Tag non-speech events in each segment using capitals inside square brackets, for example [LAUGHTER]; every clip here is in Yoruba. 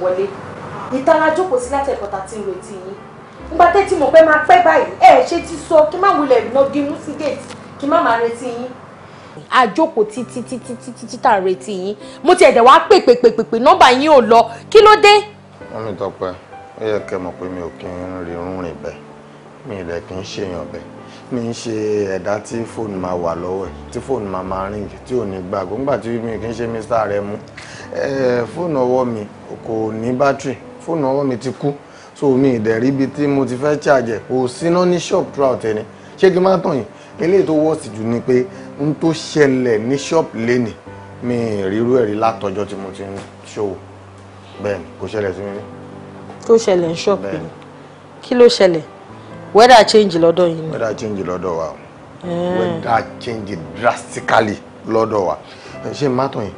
wọlé ìtara jókòó sí láti ẹ̀kọ́ tàti ń retí yín nígbà tẹ́tí mọ̀ pé máa pẹ́ báyìí ẹ̀ ṣe ti sọ kí má wulẹ̀ nọgi mú sí gate kí má máa retí yín àjókòó títí títí títí títà ń retí yín mo ti ẹ̀dẹ̀ wá pèpèpèpèpè nọ́mbà yín ò lọ kí ló dé. wọ́n mi tọpẹ́ ó yẹ kẹ́ mọ̀ pé mi ò kí ń rí rúnrìn bẹ́ẹ̀ mi ilẹ̀ kì í ṣèyàn bẹ́ẹ̀ mi ń ṣe ẹ̀dá tí fóònù máa wà lọ́wọ́ ẹ̀ tí fóònù máa máa rìn tí ò ní gbàgbọ́ nígbà tí mi kì í ṣe mr rẹ mú Eh, fóònù ọwọ́ mi kò ní bátìrì fóònù ọwọ́ mi ti kú so mi ìdẹ̀rí ibi tí mo ti fẹ́ charge kò síná ní shop throughout ẹni ṣé kí n má tàn yín eléyìí tó wọ́ọ̀sì jù ni pé n tó ṣẹlẹ̀ ní shop lẹ́nìí mi ìrírú ẹ̀rí látọjọ́ tí mo ti ń ṣòwò bẹ́ẹ̀ kò ṣẹlẹ̀ sí mi rí. tó ṣẹlẹ̀ ní shop yìí kí ló ṣẹlẹ̀ weather change lọ́dọ̀ yìí ni. weather change lọ́dọ̀ wa eh. weather change drastically lọ́dọ̀ wa ṣé n má tàn yín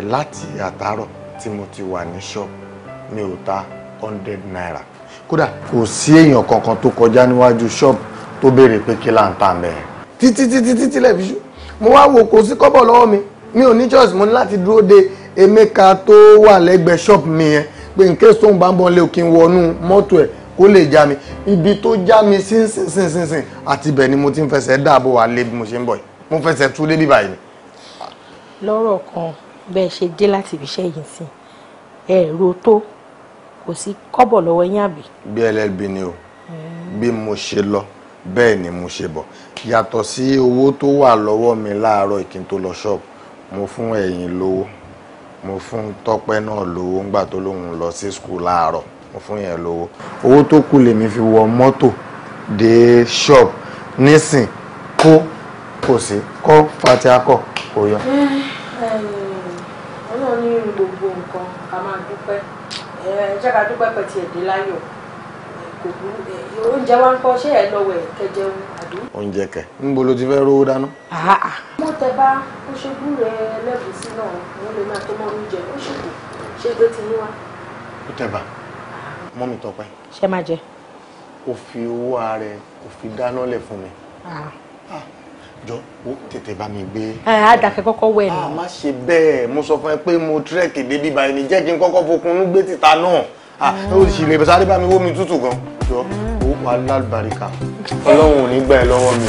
láti àtàárọ̀ tí mo ti wà ní ṣọ́ọ̀bù mi ò ta hundred naira kódà kò sí èèyàn kankan tó kọjá níwájú ṣọ́ọ̀bù tó béèrè pé kí là ń tà mẹ́rin títí títí títí lẹ́fíṣú mo wá wò kò sí kọ́bọ̀ lọ́wọ́ mi mi ò ní choice mo ní láti dúró de Emeka tó wà lẹ́gbẹ̀ẹ́ ṣọ́ọ̀bù mi yẹn pé in case tó ń bá ń bọ́ lé òkè wọnú mọ́tò ẹ̀ kó lè já mi ibi tó já mi sínsìnsìnsìn àti ibẹ̀ ni mo ti ń fẹsẹ̀ dáàbò wà lé bí mo ṣe ń bọ̀ yìí mo fẹsẹ̀ tú lé bí lọ́rọ̀ kan bẹ́ẹ̀ ṣe dé láti ibi iṣẹ́ yìí sí ẹ ro tó kò sí kọ́bọ̀ lọ́wọ́ yín àbí. bí ẹlẹ́bi bi ni o bí mo ṣe lọ bẹ́ẹ̀ ni mo ṣe bọ̀ yàtọ̀ sí owó tó wà lọ́wọ́ mi láàárọ̀ ìkín tó lọ ṣọ́ọ̀bù mo fún ẹ̀yìn lówó mo fún tọ́pẹ́ náà lówó ńgbà tó lóun lọ sí skul láàárọ̀ mo fún yẹn lówó owó tó kù lèmi fi wọ mọ́tò dé ṣọ́ọ̀bù nísìn kó kò sí kọ́ fatiakọ̀ kò yọ. Mm. Eh, jẹ́ ká dúpẹ́ pẹ̀tì ẹ̀dí láyọ̀ kò burú eh, oúnjẹ wa ń kọ́ ṣé ẹ lọ́wọ́ ẹ̀ kẹjẹun àbí. oúnjẹ kẹ ń bo ti fẹ́ rówó dáná. Ah, ah. mo tẹ bá ó ṣubú rẹ lẹ́bùsí náà òun lè máa tó mọ oúnjẹ ó ṣùkú ṣé ti ní wá. ó tẹ bá ah. mọ́ mi tọpẹ́. ṣé máa jẹ. fi owó ara fi dáná lẹ̀ fún mi. jọ ó tètè bá mi gbé. àdàkẹ́ kọ́kọ́ wẹ̀ nù. Ah, má ṣe bẹ́ẹ̀ mo sọ fún ẹ pé mo tírẹ̀kì débi báyìí ní jẹ́ kí n kọ́kọ́ fokunnú gbé títa náà ah, ó sì lè sáré bá mi wó mi tútù gan jọ ó wà lálùbáríkà ọlọ́run ò ní gbà ẹ́ lọ́wọ́ mi.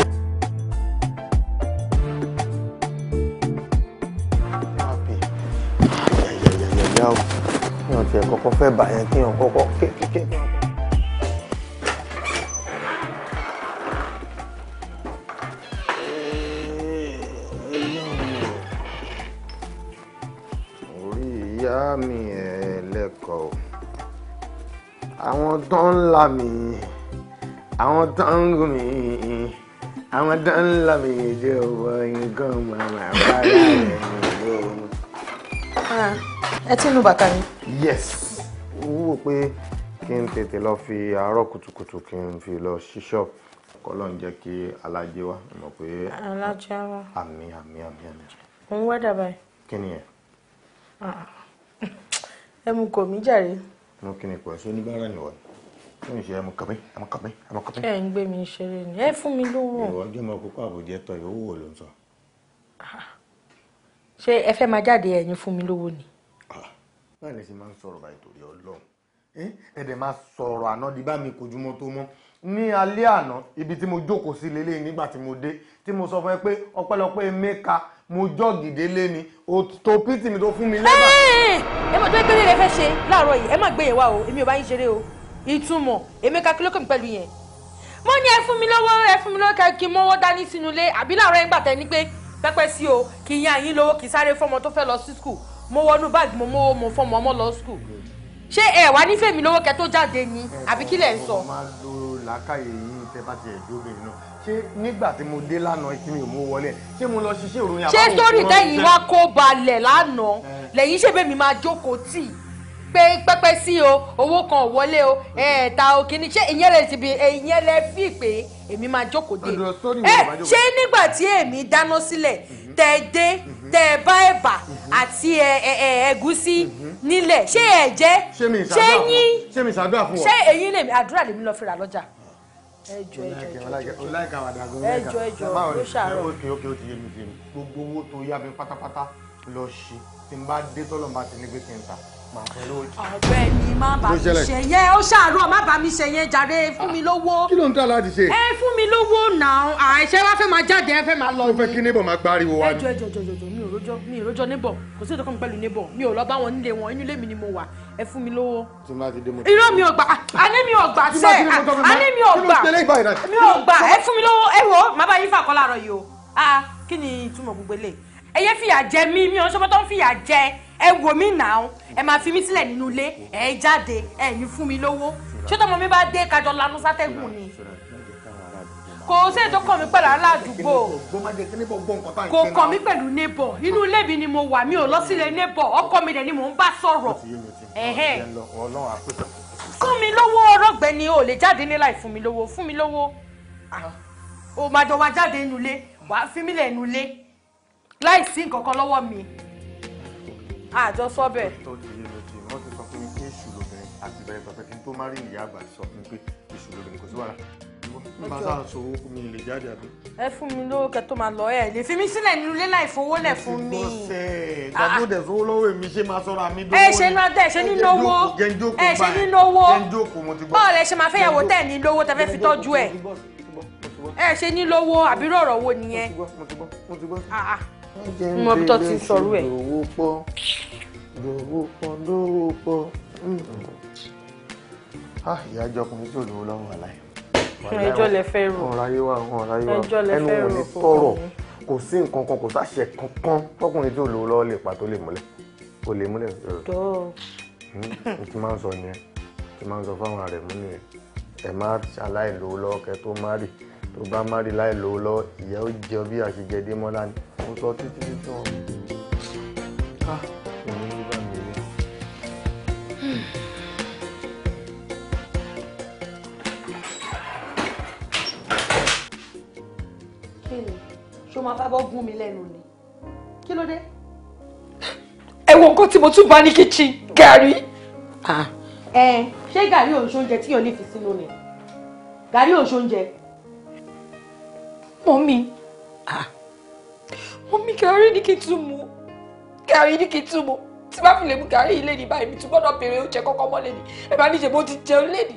yàyàyàyà o mi ò tiẹ̀ kọ́kọ́ fẹ́ bàyẹn kí n kọ́kọ́ àwọn tó ń là mí àwọn tó ń gùn mí àwọn tó ń là mí ìdí òwò nǹkan màmá bá rẹ̀ ẹ̀ ah, ẹ tí ń bàtà ni. yes wúwo pé kí n tètè lọ fi àárọ̀ kùtùkùtù kí n fi lọ sí ṣọ́ọ̀bù kọlọ́n jẹ́ kí alájẹ wa mọ̀ pé. alájẹ wa. àmì àmì àmì àmì. òun wá dàbà yìí. kí ni ẹ. Ah, ẹ mú kò mí jàre ní kí ni pẹ̀lú oníbàárà nìwọ fún ìṣe ẹmu kàmí ẹmu kàmí ẹmu kàmí. ẹ ń gbé mi ṣeré ni ẹ fún mi lówó. ìwọ jẹ́ ọmọ kókó àbòjẹ́ tọ ìwọ wò ló ń sọ. ṣé ẹ fẹ́ máa jáde ẹ̀yin fún mi lówó ni. báyìí lè ṣe máa ń sọ̀rọ̀ báyìí torí ọlọ́run ẹ̀ẹ́dẹ̀ máa sọ̀rọ̀ àná di bá mi kojúmọ́ tó mọ́ ní alẹ́ àná ibi tí mo jókòó sí lélẹ́yìn nígbà tí mo dé tí mo sọ fún ẹ pé ọpẹ́lọpẹ́ mẹ́ka mo jọ́ọ̀gì délé ni òtò pítì mi tó fún mi lẹ́bà. ẹ mọ̀ tó ẹ kéde rẹ fẹ́ ṣe láàárọ̀ yìí ẹ má gbé yẹn wá o èmi ò bá yín ṣeré o ìtumọ̀ èmi ká kílókè mi pẹ̀lú yẹn. mo ní ẹ fún mi lọ́wọ́ ẹ fún mi lọ́wọ́ kẹ́ kí n mọ́wọ́ dání sínú ilé àbí láàárọ̀ yẹn gbàtẹ́ ni pé pẹ́pẹ́ sí o kì í yan àyín lówó kì í sáré fọ́mọ tó fẹ́ lọ sí skul mo wọnú báàgì mo mówó mo fọ́mọ ọmọ lọ skul ṣé ẹ wà nífẹ̀ẹ́ mi lówó kẹ́ tó jáde ni àbí kí tẹ bá tiẹ̀ dóbe iná ṣé nígbà tí mo dé lánàá ìkíni ò mú wọlé ṣé mo lọ ṣiṣẹ́ òru yàrá òun. ṣé sórí tẹ́yìn wá kó balẹ̀ lánàá lẹ́yìn ṣé bẹ́ẹ̀ mi máa jókòó tì pé pẹ́pẹ́ sí o owó kan ò wọlé o ẹ̀ẹ́ta o kìíní ṣé ìyẹn lè ti bi ìyẹn lè fi pé èmi máa jókòó dé ẹ ṣé nígbà tí èmi dáná sílẹ̀ mhm. tẹ dé mhm. tẹ bá ẹ̀bà mhm. àti ẹ̀gúsí nílẹ̀ ṣé ẹ̀jẹ̀ ṣé yín ṣé èyí lèmi àdúrà lèmi lọ fira lọ́jà ẹjọ ẹjọ ẹjọ ẹjọ ló ṣàárọ òkè òkè ó ti yé mi ti gbogbo owó tó yá mi pátápátá lọ ṣe tí n bá dé tọ́lọ́mùbá ti ní gbé n ta ọ̀rẹ́ mi má bà mí ṣe yẹn ó ṣàárọ̀ má bà mí ṣe yẹn jàre fún ah, mi lówó. kí ló ń tà láti ṣe. ẹ fún mi lówó náà àìṣe ah, wá fẹ́ máa jáde ẹ fẹ́ máa lọ. mo fẹ́ kí níbọ̀ máa gbáriwo wa ni. ẹjọ ẹjọ ẹjọ mi ò rojọ́ mi ò rojọ́ níbọ̀ kò sí ìtọ́kàn mi pẹ̀lú níbọ̀ mi ò lọ bá wọn nílé wọn inú ilé mi ni mo wà ẹ fún mi lówó. irọ́ mi ò gbà àní ah, mi ò gbà sẹ́ẹ̀ àní mi ò gbà mi ò gbà ẹ fún mi lówó ẹ wò má bá yín fà kọ́ láàárọ̀ yìí o ah kí ni ìtumọ̀ gbogbo eléyìí ẹyẹ fìyà jẹ mí mi ò ń fìyà jẹ ẹ wò mí nàá ẹ máa fi mí sílẹ̀ nínú ilé ẹ jáde ẹ ní fún mi lówó ṣé tọmọ mi bá dé kájọ lanu sátẹ́gùn ni kò sí ètò kàn mí pẹ̀lú aládùúgbò kò kàn mí pẹ̀lú neighbor inú ilé mi ni mo wà mi ò lọ sílé neighbor ọkọ mi dẹ̀ ni mò ń bá sọ̀rọ̀ fún mi lówó ọlọ́gbẹ́ ni o lè jáde ní láì fún mi lówó fún mi lówó ah. o máa jọ wá jáde nínú ilé wàá fi mí lẹ̀ nínú ilé láì sí nǹkan kan lọ́wọ́ mi àjọ ah, sọ́bẹ̀. tó ti yé lójú wọn ti sọ fún mi pé èṣù lóbìnrin àti bẹ̀rẹ̀ pẹ̀pẹ̀ kí n tó má rí ìyá àgbà sọ fún mi pé èṣù lóbìnrin kò sí wàhálà bá sá sòwò fún mi lè jáde àbí. ẹ fún mi lówó kẹ tó máa lọ ẹ lè fi mí sílẹ̀ nínú ilé láì fowó lẹ̀ fún mi. Ah, ah. ìgbọ́sẹ̀ ìdájọ́ dẹ̀ sówó lọ́wọ́ èmi ṣé máa sọ́ra mi dówó ni. ẹ ṣe ní ọdẹ ẹ ṣe ní lówó ẹ ṣe ní lówó bọ́ọ̀lù ẹ ṣe máa fẹ́yàwó tẹ̀ ní lówó tẹ fẹ́ fi tọ́jú ẹ ẹ ṣe ní lówó àbí rọ̀rọ̀ wo nìyẹn. mo ti gbọ́ mo ti gbọ́ mo ti gbọ́ mo bí tó ti sọ̀rọ̀ ẹ̀. lówó pọ̀ lówó pọ̀ lówó pọ̀ ìyá jọkùnrin tí ò lówó lọ́wọ́ aláì. ẹjọ́ le fẹ́ rò ọ̀rọ̀ ayé wa ọ̀rọ̀ ayé wa ẹnu wò ní tọ̀rọ̀ kò sí nǹkan kan kò sáṣẹ kankan tọkùnrin tí ò lówó lọ́wọ́ lè pa tó lè múlẹ̀ kò lè múlẹ̀. tó hmm, ti máa ń sọ nìyẹn ti máa ń sọ fáwọn ààrẹ mú nìyẹn ẹ má aláìlówó lọ́wọ́ kẹ tó má rì tó bá má rì láìlówó lọ́wọ́ ìyá ó jẹ bí àṣejẹ dé mọ́lá ni mo sọ títí títí wọn ká òun ló bá mi rí. kí ni ṣó máa fábọ́ gún mi lẹ́nu ni kí ló dé. ẹ wo nǹkan tí mo tún bá ní kíchìn gàrí. Ah. ẹ ṣé gàrí òun ṣoúnjẹ tí yóò ní fi sínú ni gàrí òun ṣoúnjẹ. mọ́mí. Ah omi gàrí ní kí n tún mu gàrí ní kí n tún mu tí bá fi lè mu gàrí yìí lédi báyìí mi tún gbọ́dọ̀ béèrè oúnjẹ kọ́kọ́ mọ́ lédi ẹ bá níṣẹ́ bó ti jẹun lédi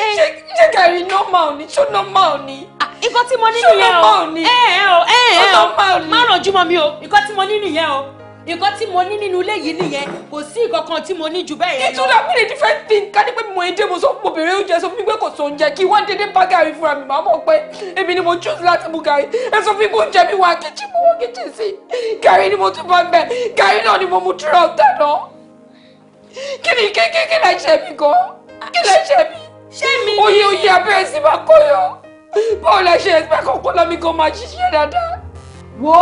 eh. ṣé gàrí normal ni ṣó normal ni. Ah, nǹkan tí mo ní nìyẹn o ṣó normal ni. eh. ẹ o ẹ ẹ ma má rànjú mọ́ mi o nǹkan tí mo ní nìyẹn o nǹkan tí mo ní nínú ilé yìí nìyẹn kò sí nǹkan kan tí mo ní ju bẹ́ẹ̀ yẹn lọ. it's not really different thing ká ní pé mo èdè mo sọ fún obìnrin oúnjẹ sọ fún mi pé kò sóun jẹ kí wọ́n dédé bá gàrí fúnra mi màá mọ̀ pé èmi ni mo choose láti mú gàrí ẹ sọ fún mi pé oúnjẹ mi wà kìchì mo wọ kìchì sí gàrí ni mo tún bá gbẹ gàrí náà ni mo mú dúró ọ̀tá náà kí ni kí kí kí láì ṣe mi gan kí láì ṣe mi. ṣé mi ni oyè oyè abẹ́rẹ́ sí máa kọ́yọ̀ báwo la ṣe ẹ̀sìn pé kọ́kọ́ lọ́mí gan máa ṣiṣẹ́ dáadáa. wo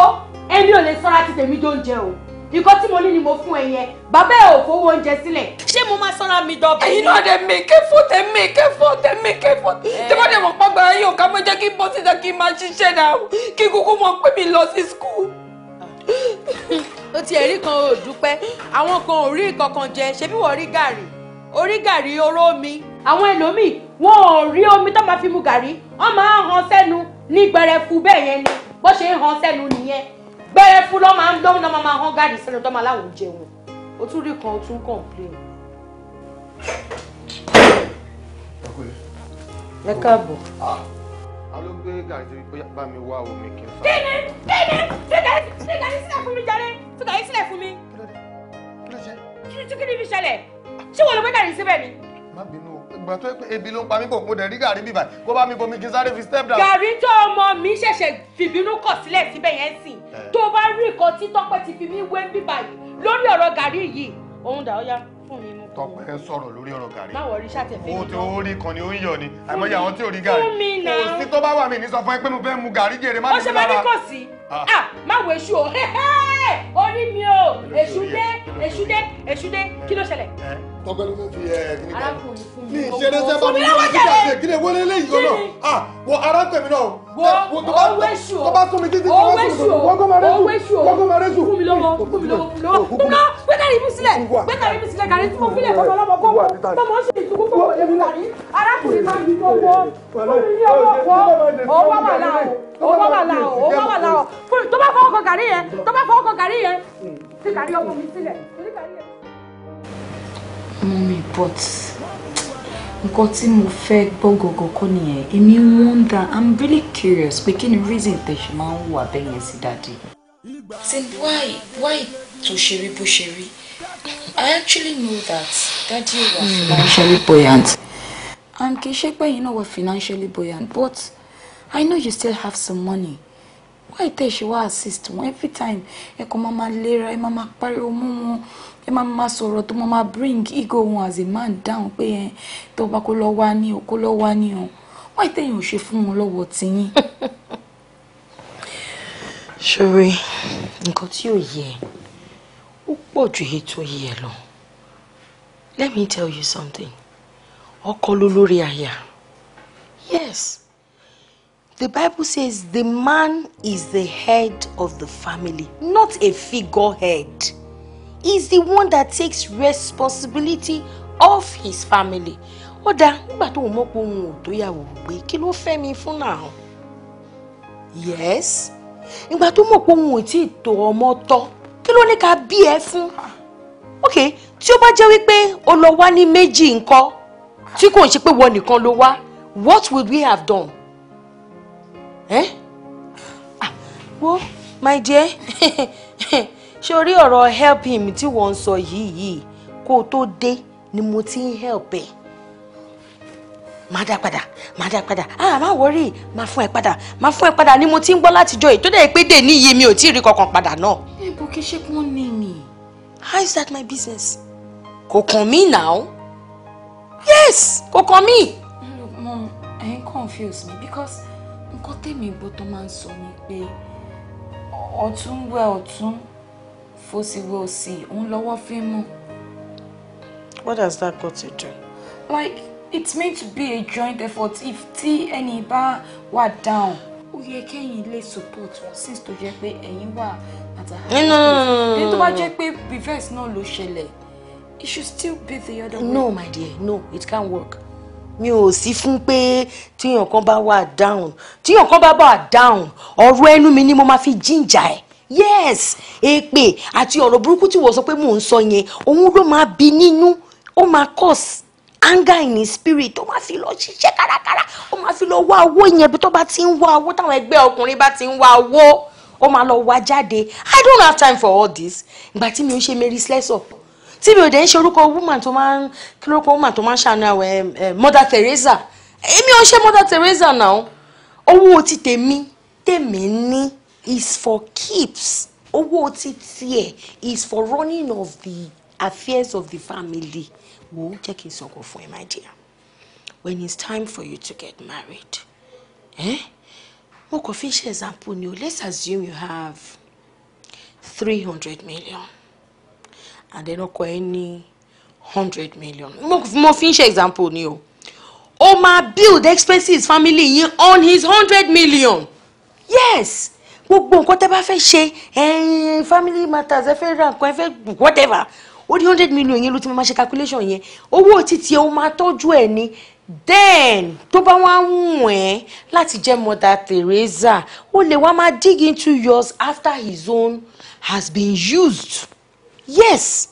èmi ò lè sọ́ra ti tèmi tó ń jẹ o nǹkan tí mo ní ni mo fún ẹ yẹn bàbá ẹ ò fowó oúnjẹ sílẹ̀ ṣé mo máa sọ́ra mi dọ̀bẹ̀. ẹ̀yin náà dẹ̀ mí ké fún tẹ̀mí ké fún tẹ̀mí ké fún eh. tí wọ́n dẹ̀ mọ̀ pọ́gbà yín òkà mọ́ jẹ́ kí n bọ́ síta kí n máa ṣiṣẹ́ náà kí kúkú mọ̀ pé mi lọ sí skul. ó ti ẹ̀rí kan ò dúpẹ́ àwọn kan ò rí kankan jẹ ṣebí wọ́n rí gàrí orí gàrí oró mi. àwọn ẹlòmíì wọn ò rí omi tó máa fi mu gàrí wọ́n máa ń sẹ́nu ní gbẹrẹfu bẹ́ẹ̀ yẹn ni bó ṣe ń han sẹ́nu nìyẹn gbẹrẹ fún lọ máa ń dán náà máa hán gáàdì sẹ́nu tó máa láwọn jẹun o tún rí kan o tún complain. ẹ káàbọ̀. a gbé gàrí bóyá bá mi wá omi kí n fa. kíni kíni ṣé gàrí sílẹ̀ fún mi jàre ṣé gàrí sílẹ̀ fún mi. kí ló dé kí ló dé. kí ni fi ṣẹlẹ̀ ṣé wọ́n lọ gbé gàrí síbẹ̀ ni. má bínú ìgbà tó pé ebi ló ń pa mí bò mo dẹ̀ rí gàrí bíbà kó bá mi bomi kí n sáré fi step down. gàrí tó ọmọ mi ṣẹ̀ṣẹ̀ fìbínú kọ̀ sílẹ̀ síbẹ̀ yẹn sì tó bá rí nǹkan tí tọ́pẹ́ ti fi mí wé bíbà yìí lórí ọ̀rọ̀ gàrí yìí òun dà ó yá fún mi mú. tọ́pẹ́ lórí ọ̀rọ̀ gàrí. má wọrí ṣàtẹ̀fẹ́ mi. o ti ó rí kan ni ó ń yọ ni àìmọye àwọn tí ò rí gàrí. fún mi náà. kò sí tó bá wà mí ní sọ fún ẹ pé mo fẹ́ mu gàrí jèrè má ní mi lára. ó ṣe máa ní kò sí. ah, ah má wo èṣù o [LAUGHS] orí mi o èṣù dé èṣù dé èṣù dé kí ló ṣẹlẹ̀ tọ́gbẹ́ ló fi ẹ̀ kíní kan ní ìṣeré sẹ́bà ní ìwé kíkà ṣe kíni wọlé léyìí kan náà ah wọ arákùnrin náà wo owéṣù o owéṣù o owéṣù o fún mi lọ́wọ́ fún mi lọ́wọ́ fún mi lọ́wọ́ nínú gbẹ́kẹ̀rì mi sílẹ̀ gbẹ́kẹ̀rì mi sílẹ̀ kàrí tí mo fílẹ̀ fọmọ lọ́mọ kọ́ wọ́n tọmọ ṣe ìtukú fún wọlé mi kàrí arákùnrin máa ń bí lọ́wọ́ fún mi ní ọwọ́ kọ́ ọwọ́ wà láàrọ̀ ọwọ́ wà láàrọ̀ ọwọ́ wà láàrọ̀ tó bá fọwọ́ kan kàrí yẹn tó bá fọwọ́ kan kàrí yẹn ti kàrí ọmọ mi sílẹ̀. Mummy, but nǹkan tí mo fẹ́ gbọ́ gọ́gọ́ kọ́ nìyẹn èmi wọ́ndà i'm really curious pé kí ni reason tẹ̀ ṣe máa ń wà bẹ́ẹ̀ yẹn sí dáadé. then why why tó ṣe rí bó ṣe rí i actually know that daddy wa hmm, financially buoyant and kì í ṣe pé ẹ̀yin náà wà financially buoyant but i know you still have some money why tẹ̀ ṣe wá assist wọn every time ẹ kàn máa máa lera ẹ máa máa pariwo mú wọn ẹ máa máa sọ̀rọ̀ tó máa máa bring ego wọn as a man down pé ẹ tó bá kó lọ wá ní o kó lọ wá ní o wọ́n ìtẹ̀yìn ò ṣe fún wọn lọ́wọ́ tiyín. [LAUGHS] ṣòro nǹkan tí ò yẹ ó pọ̀ ju èyí tó yẹ lọ let me tell you something ọkọ ló lórí aya yes the bible says the man is the head of the family not a figurehead. head is the one that takes responsibility of his family ó dáa nígbà tó mọ̀ pé òun ò tó yàwó gbé kí ló fẹ́ mi fún náà yes ìgbà tó mọ̀ pé òun ò tí ì tó ọmọ tọ́ kí ló ní ká bí ẹ fún ok tí ó bá jẹ́ wípé o lọ wá ní méjì nǹkan tí kò ń ṣe pé wọ́n nìkan ló wá what would we have done? Eh? Ah, wo my dear [LAUGHS] ṣé ọ̀rọ̀ help him tí wọ́n ń sọ yìí yìí kó o tó dé ni mo ti ń help ẹ̀ máa dá padà máa dá padà ah má wọrí máa fún ẹ padà máa fún ẹ padà ni mo ti ń gbọ́ látijọ́ yìí tó dẹ̀ pé dè ní iye mi ò tí ì rí kankan padà náà. ibo kí ṣe kún ní mi. how is that my business. kò kàn mí now. yes kò kàn mí. look mom ẹ ń confuse me because nǹkan tèmi gbọ́ tó máa ń sọ ni pé ọ̀tún wẹ ọ̀tún fòsíwò òsì òun fi mú. What has that got to do? Like it's meant to be a joint effort if tí ẹni bá wà down ó yẹ kẹ́yìn lè support wọn since tó jẹ́ pé ẹ̀yin wà àtàhà. No no no. Ní tó bá jẹ́ pé reverse náà ló ṣẹlẹ̀ it should still be the other way. No my dear no it can't work mi ò sí fún pé tíyàn kan bá wà down tíyàn kan bá wà down ọ̀rọ̀ ẹnu mi ni mo máa fi jíǹjà ẹ̀ yes èpè àti ọ̀rọ̀ burúkú tí wọ́n sọ pé mò ń sọ yẹn òun ló máa bí nínú ó máa cause anger in his spirit ó máa fi lọ ṣiṣẹ́ kárakára ó máa fi lọ wá owó yẹn bí tó bá ti ń wá owó táwọn ẹgbẹ́ ọkùnrin bá ti ń wá owó ó máa lọ wá jáde i don't have time for all this ìgbà tí mi ò ṣe Mary Slessor tí mi ò dẹ̀ ń ṣe orúkọ woman tó máa ń kí lórúkọ woman tó máa ń ṣàánú àwọn Mother Teresa èmi ò ṣe Mother Teresa náà owó ti tèmi tèmi ní is for keeps owó ti tiẹ̀ is for running of the affairs of the family wo jẹ́ kí n sọ̀kò fún ẹ my dear when it's time for you to get married eh? mo kàn fi ṣe example ni o let's assume you have three hundred million and then ọkọ ẹ ní hundred million mo fi ṣe example ni o ó máa build expenses family yín on his hundred million yes gbogbo nǹkan tẹ́ bá fẹ́ ṣe family matters ẹ fẹ́ ra nǹkan ẹ fẹ́ whatever ó ní hundred million yẹn ló ti máa ṣe calculation yẹn owó títí ẹ ó máa tọ́jú ẹ ní then tó bá wá ń wù ẹ́ láti jẹ́ mother Teresa ó lè wá máa dig into yours after his own has been used yes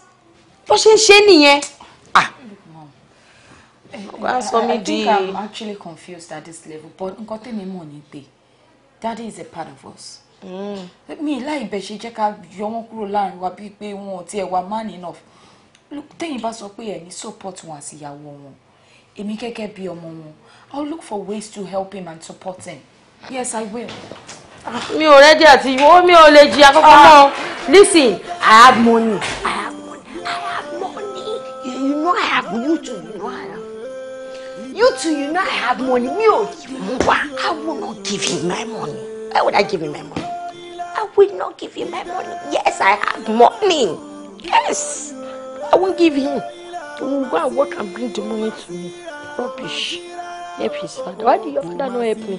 bó ṣe ń ṣe nìyẹn. Ah. I think I'm actually confused at this level but nǹkan tẹ́mi mọ̀ ní pé daddy is a part of us Mm. mi láì bẹ̀ ṣe jẹ́ ká yọ wọ́n kúrò láàrin wa bíi pé wọn ò tiẹ̀ wá man enough tẹ́yìn bá sọ pé ẹ̀ support wọn àti ìyàwó wọn èmi gẹ́gẹ́ bíi ọmọ wọn I will look for ways to help him and support him yes I will. Ah, mi ò rẹ́dí àti ìwọ mi ò lè jìyà kankan mọ́ ah. listen I have money I have money I have money you know I have you too you know I have. You two, you know I have money. Me, I will not give him my money. Why would I give him my money? will not give him my money. Yes, I have money. Yes, I won't give him. He will go and work and bring the money to me. Rubbish. Help his father. Why do your father not help me?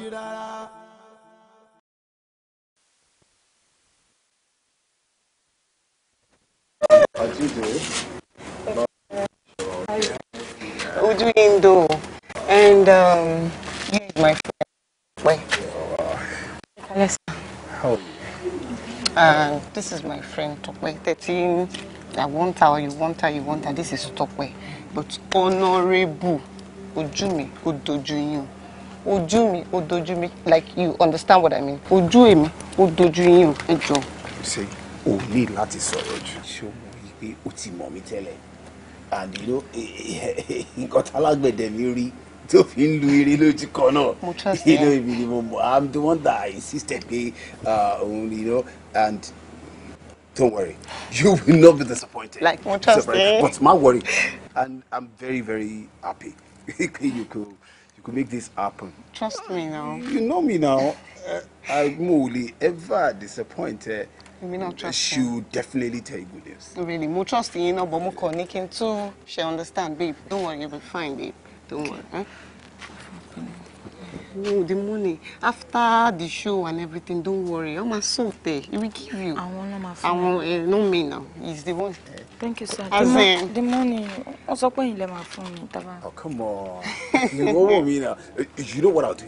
do? Udu Indo and um, you, my friend. Wait. How And uh, this is my friend Tokwe. 13. I want her, you want her, you want her. This is Tokwe. But honorable ojú mi ó dojú yín o ojú mi ó dojú mi like you understand what I mean ojú èmi ó dojú yín o ẹ jọ. ṣe o ní láti sọ̀rọ̀ jù. ṣé o mọ̀ wípé o ti mọ̀ mí tẹ́lẹ̀ àdìrò eh, eh, eh, nǹkan tálágbẹ̀dẹ̀ mi rí tó fi ń lu eré lójú kan náà inú ibi ni mo mọ i'm the one that insisted pé uh, you know and don't worry, [LAUGHS] you will not be disappointed. Like mo trust eh? But my worry, and I'm very very happy. [LAUGHS] you could you could make this happen. Trust me now. You know me now. Uh, I'm only ever disappointed. Eh, you may not trust. She will definitely tell you good news. Really, more trust you know, but more kàn too. She understand, babe. Don't worry, you'll be fine, babe. Don't okay. worry. Huh? Eh? no oh, the money after the show and everything don't worry ọmọ salt ẹ he will give you. àwọn náà máa fún mi. àwọn eh, ẹ no me now he is the one. thank you sir As the, the money wọ́n sọ pé ìlẹ̀ máa fún mi taba. oh come on you won't want me now eh, you know what I'll do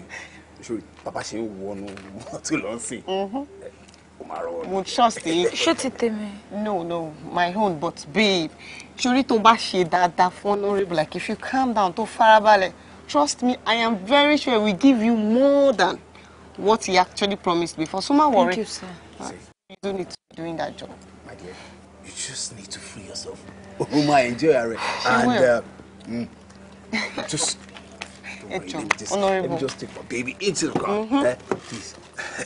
ṣe bàbá ṣe ń wọnú mọ́tò [LAUGHS] lọ́sìn mm-hmm. mo trust yín. ṣé ti tèmi. no no my own but babe ṣorí tó bá ṣe dáadáa fún honourable like if you calm down tó farabalẹ̀. Trust me, I am very sure we give you more than what he actually promised before. So my worry. Thank you, sir. you don't need to be doing that job. My dear, you just need to free yourself. [LAUGHS] Oh my, enjoy And uh, mm, just. [LAUGHS] Worry, let, me just Honorable. let me just take my baby into the car. Mm -hmm. eh? Please,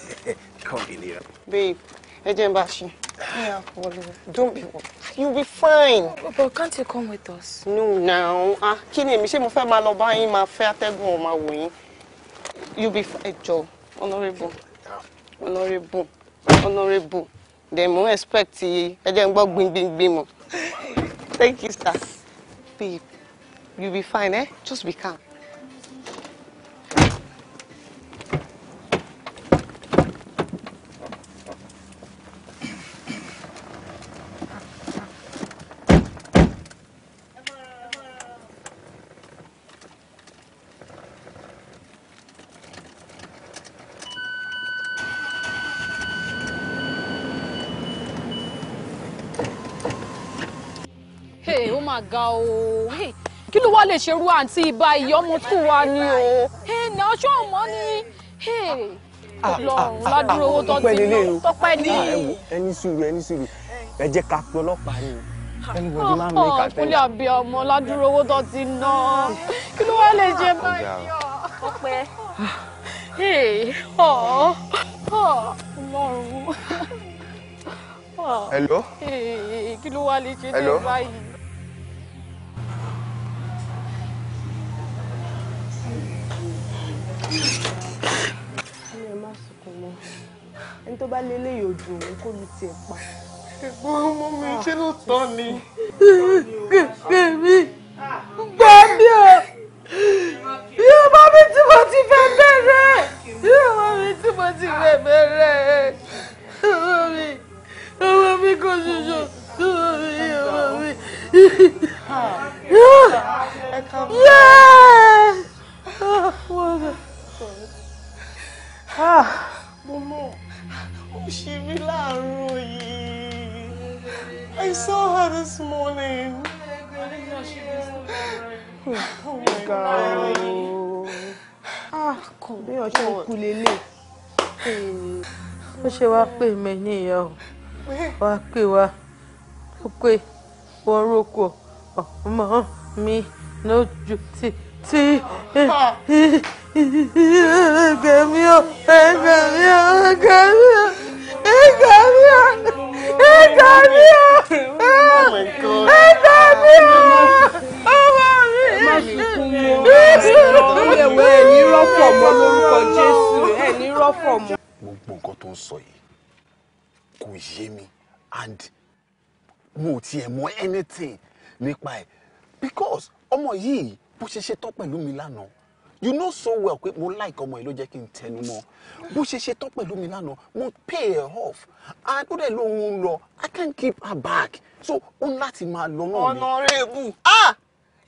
[LAUGHS] come in here. Babe, Ejen Bashi. Yeah, Apollo, don't be worried. You'll be fine. But, but can't you come with us? No, now. Ah, kini, ni èmi ṣé mo fẹ́ máa lọ bá yín máa fẹ́ atẹ́gùn ọ̀ma wò yín. You'll be fine. Ẹ Honorable, honorable, honorable. Honourable. Dem mo expect ẹ jẹ́ n gbọ́ gbingbingbin mọ̀. Thank you, sir. Babe, you'll be fine, eh? Just be calm. ga o kí ló wá lè ṣerú àǹtí ibà ìyọ́mú tó wà ní o ẹnì ọjọ́ ọmọ ni ọlọ́run ah, ah, ah, ládùúró owó tó ti ní tọpẹ́ ní. ẹni sùúrù ẹni sùúrù ẹ jẹ́ ká pe ọlọ́pàá ni ẹnìwọ̀dì máa ń mú ìkà tẹ́lẹ̀. àbí ọmọ ládùúró owó tó ti ná kí ló wá lè ṣe báyìí ọpẹ́ ọlọ́run. hello. kí ló wá lè ṣe dé báyìí. ẹni tó bá lélẹ̀ yóò dùn òun kó lu tiẹ̀ pa. ẹ̀gbọ́n ọmọ mi ṣé ló tọ́ ni. pè mí níyà o wá pè wá ó pè wọ́n roko ọmọ mi lójú tí tí ẹgbẹ́ mi ò ẹgbẹ́ mi ò ẹgbẹ́ mi ò ẹgbẹ́ mi ò ẹgbẹ́ mi ò ẹgbẹ́ mi ò ọmọ mi. ẹ má fi kún mọ́ ẹ sì lọ wẹ́wẹ́ ẹ ní rọ́pọ̀ mọ́ lórúkọ Jésù ẹ ní rọ́pọ̀ mọ́. gbogbo nǹkan tó ń sọ yìí kò yé mi and mo ò tiẹ̀ mọ anything nípa ẹ̀ because ọmọ yìí bó ṣe ṣe tán pẹ̀lú mi lánàá you know so well pé mo like ọmọ yìí ló jẹ́ kí n tẹnu mọ́ bó ṣe ṣe tán pẹ̀lú mi lánàá mo pay her off and ó dẹ̀ lóun lọ i can't keep her back so ó ń láti máa lọ náà ni. ọ̀nà rẹ̀ bù ah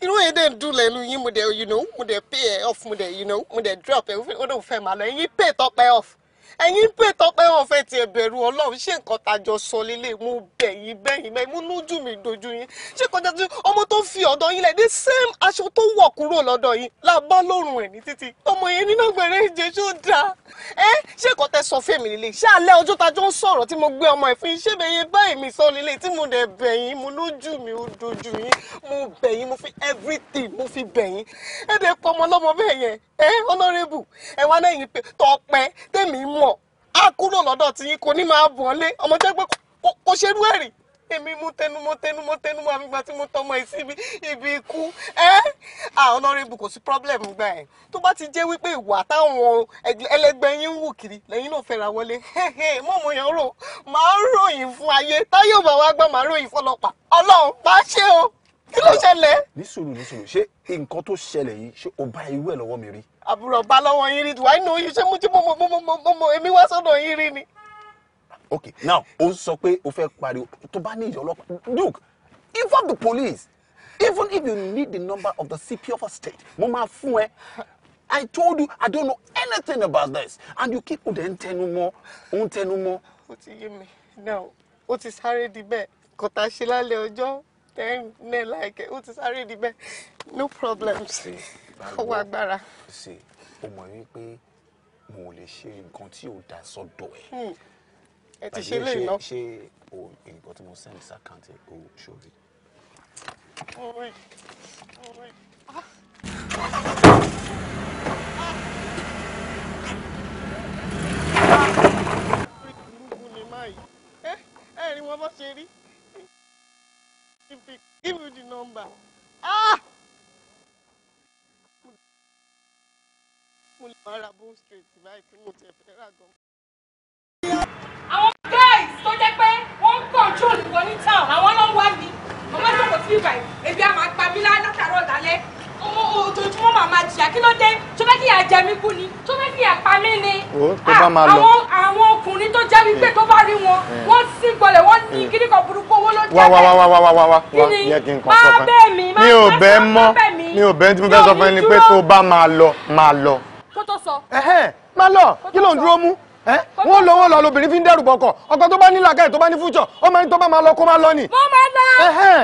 irú yẹn dẹ̀ ń dùn lẹ́nu yín mo dẹ̀ you know mo dẹ̀ pay her off mo dẹ̀ you know mo dẹ̀ drop ẹ̀ ó dẹ̀ fẹ́ máa lọ ẹ̀yin pay tọ́pẹ́ off ẹ̀yin pé tọpẹ́ wọn fẹ́ tiẹ̀ bẹ̀rù ọlọ́run ṣé nǹkan tàjọ sọ lélẹ̀ mo bẹ̀ yín bẹ́yìn bẹ́yìn mo nújú mi dojú yín ṣé kọjá tó ọmọ tó fi ọ̀dọ̀ yín lẹ̀ ní same aṣọ tó wọ̀ kúrò lọ́dọ̀ yín la bá lọ́rùn ẹ̀ ní títì ọmọ yẹn nínú gbẹ̀rẹ̀ ìjẹ́ ṣó dáa ẹ ṣé kọ́ tẹ sọ fèmí lélẹ̀ ṣé alẹ́ ọjọ́ tajọ́ ń sọ̀rọ̀ tí mo gbé ọmọ ẹ̀ fún iṣẹ́ bẹ́yẹn báyìí mi sọ lélẹ̀ tí mo dẹ̀ bẹ̀ yín mo lójú mi dojú yín mo bẹ̀ yín mo fi everything mo fi bẹ̀ yín ẹ̀ dẹ̀ pọ̀ ọmọ ọlọ́mọ bẹ́ẹ̀ yẹn ẹ honorable ẹ̀ wá náà yín pé tọpẹ́ tèmi mú á kúrò lọ́dọ̀ tí yín kò ní máa bọ̀ ọ́ lé ọmọ jẹ́ pé kò ṣerú ẹ̀rìn èmi mú tẹnumọ́ tẹnumọ́ tẹnumọ́ àmì gba tí mo tọmọ ẹ síbi ibi ikú ẹ honorable kò sí problem gbà ẹ tó bá ti jẹ́ wípé ìwà táwọn ẹlẹgbẹ́ yín ń wù kiri lẹ́yìn náà fẹ́ra wọlé mọmọ yẹn rò máa ń ròyìn fún ayé táyọ̀ bá wá gbọ́ máa ń ròyìn fọlọ́pàá Ọlọ́run bá ṣe o kí ló ṣẹlẹ̀. ní sùúrù ní sùúrù ṣé nǹkan tó ṣẹlẹ̀ yìí ṣé o bá irú ẹ̀ lọ́wọ́ mi rí. àbúrò ọba lọ́wọ́ yín rí wàá nù yín ṣé mo ti mo mo mo mo mo èmi wá sọ́dọ̀ yín rí ni. ok now o ń sọ pé o fẹ́ pariwo tó bá ní ìyọ̀ look inform the police even if you need the number of the CP of a state mo máa fún ẹ I told you I don't know anything about this and you keep ọdẹ ń tẹnu mọ́ ń tẹnu mọ́. ó ti yé mi now ó ti sáré di bẹ́ẹ̀ kọ́tà ṣe lálẹ́ ọjọ́ then ne like o ti sáré di bẹ́ẹ̀ no problems ọwọ́ agbára. ṣe o mọ̀ wípé mo lè ṣe nǹkan tí ò dá sọ́dọ̀ ẹ̀. Hmm. ẹ ti ṣe lè ná. ṣe o nǹkan tí mo send sí àkáǹtì o ṣòrí. Ah. Ah. orí orí ah. ẹ̀rín wọn bọ́ ṣe rí pick. Give me the number. Ah! Àwọn guys tó jẹ́ pé wọ́n ń control ìwọ ní town, àwọn ló ń wá mi. Mo máa ń jókòó sí ibà, ebi á máa pa mí látàárọ̀ lálẹ́ ojoojúmọ́ màmá jìyà kí ló dé tó fẹ́ kí ìyà jẹ mí kú ni tó fẹ́ kí ìyà pa mí ni. o tó bá ah, máa lọ àwọn ọkùnrin tó jẹ́ wípé tó bá rí wọn eh. wọ́n sì gbọ́lẹ̀ wọ́n ní eh. kíní kan burúkú owó ló jẹ́ bẹ́ẹ̀. wá wá wá wá wá wá wá yẹ kí n kàn sọ fún mi mi ò bẹ́ mọ́ mi ò bẹ́ tí mo fẹ́ sọ fún ẹni pé tó bá máa lọ máa lọ. kó tó sọ. máa lọ kí ló ń dúró mú wọ́n lọ wọ́n lọ lóbìnrin fi ń dẹ́rù bọ̀kọ̀ ọkọ tó bá ní làákàyè tó bá ní fújọ ó máa ń tó bá máa lọ kó máa lọ ni. mo máa lọ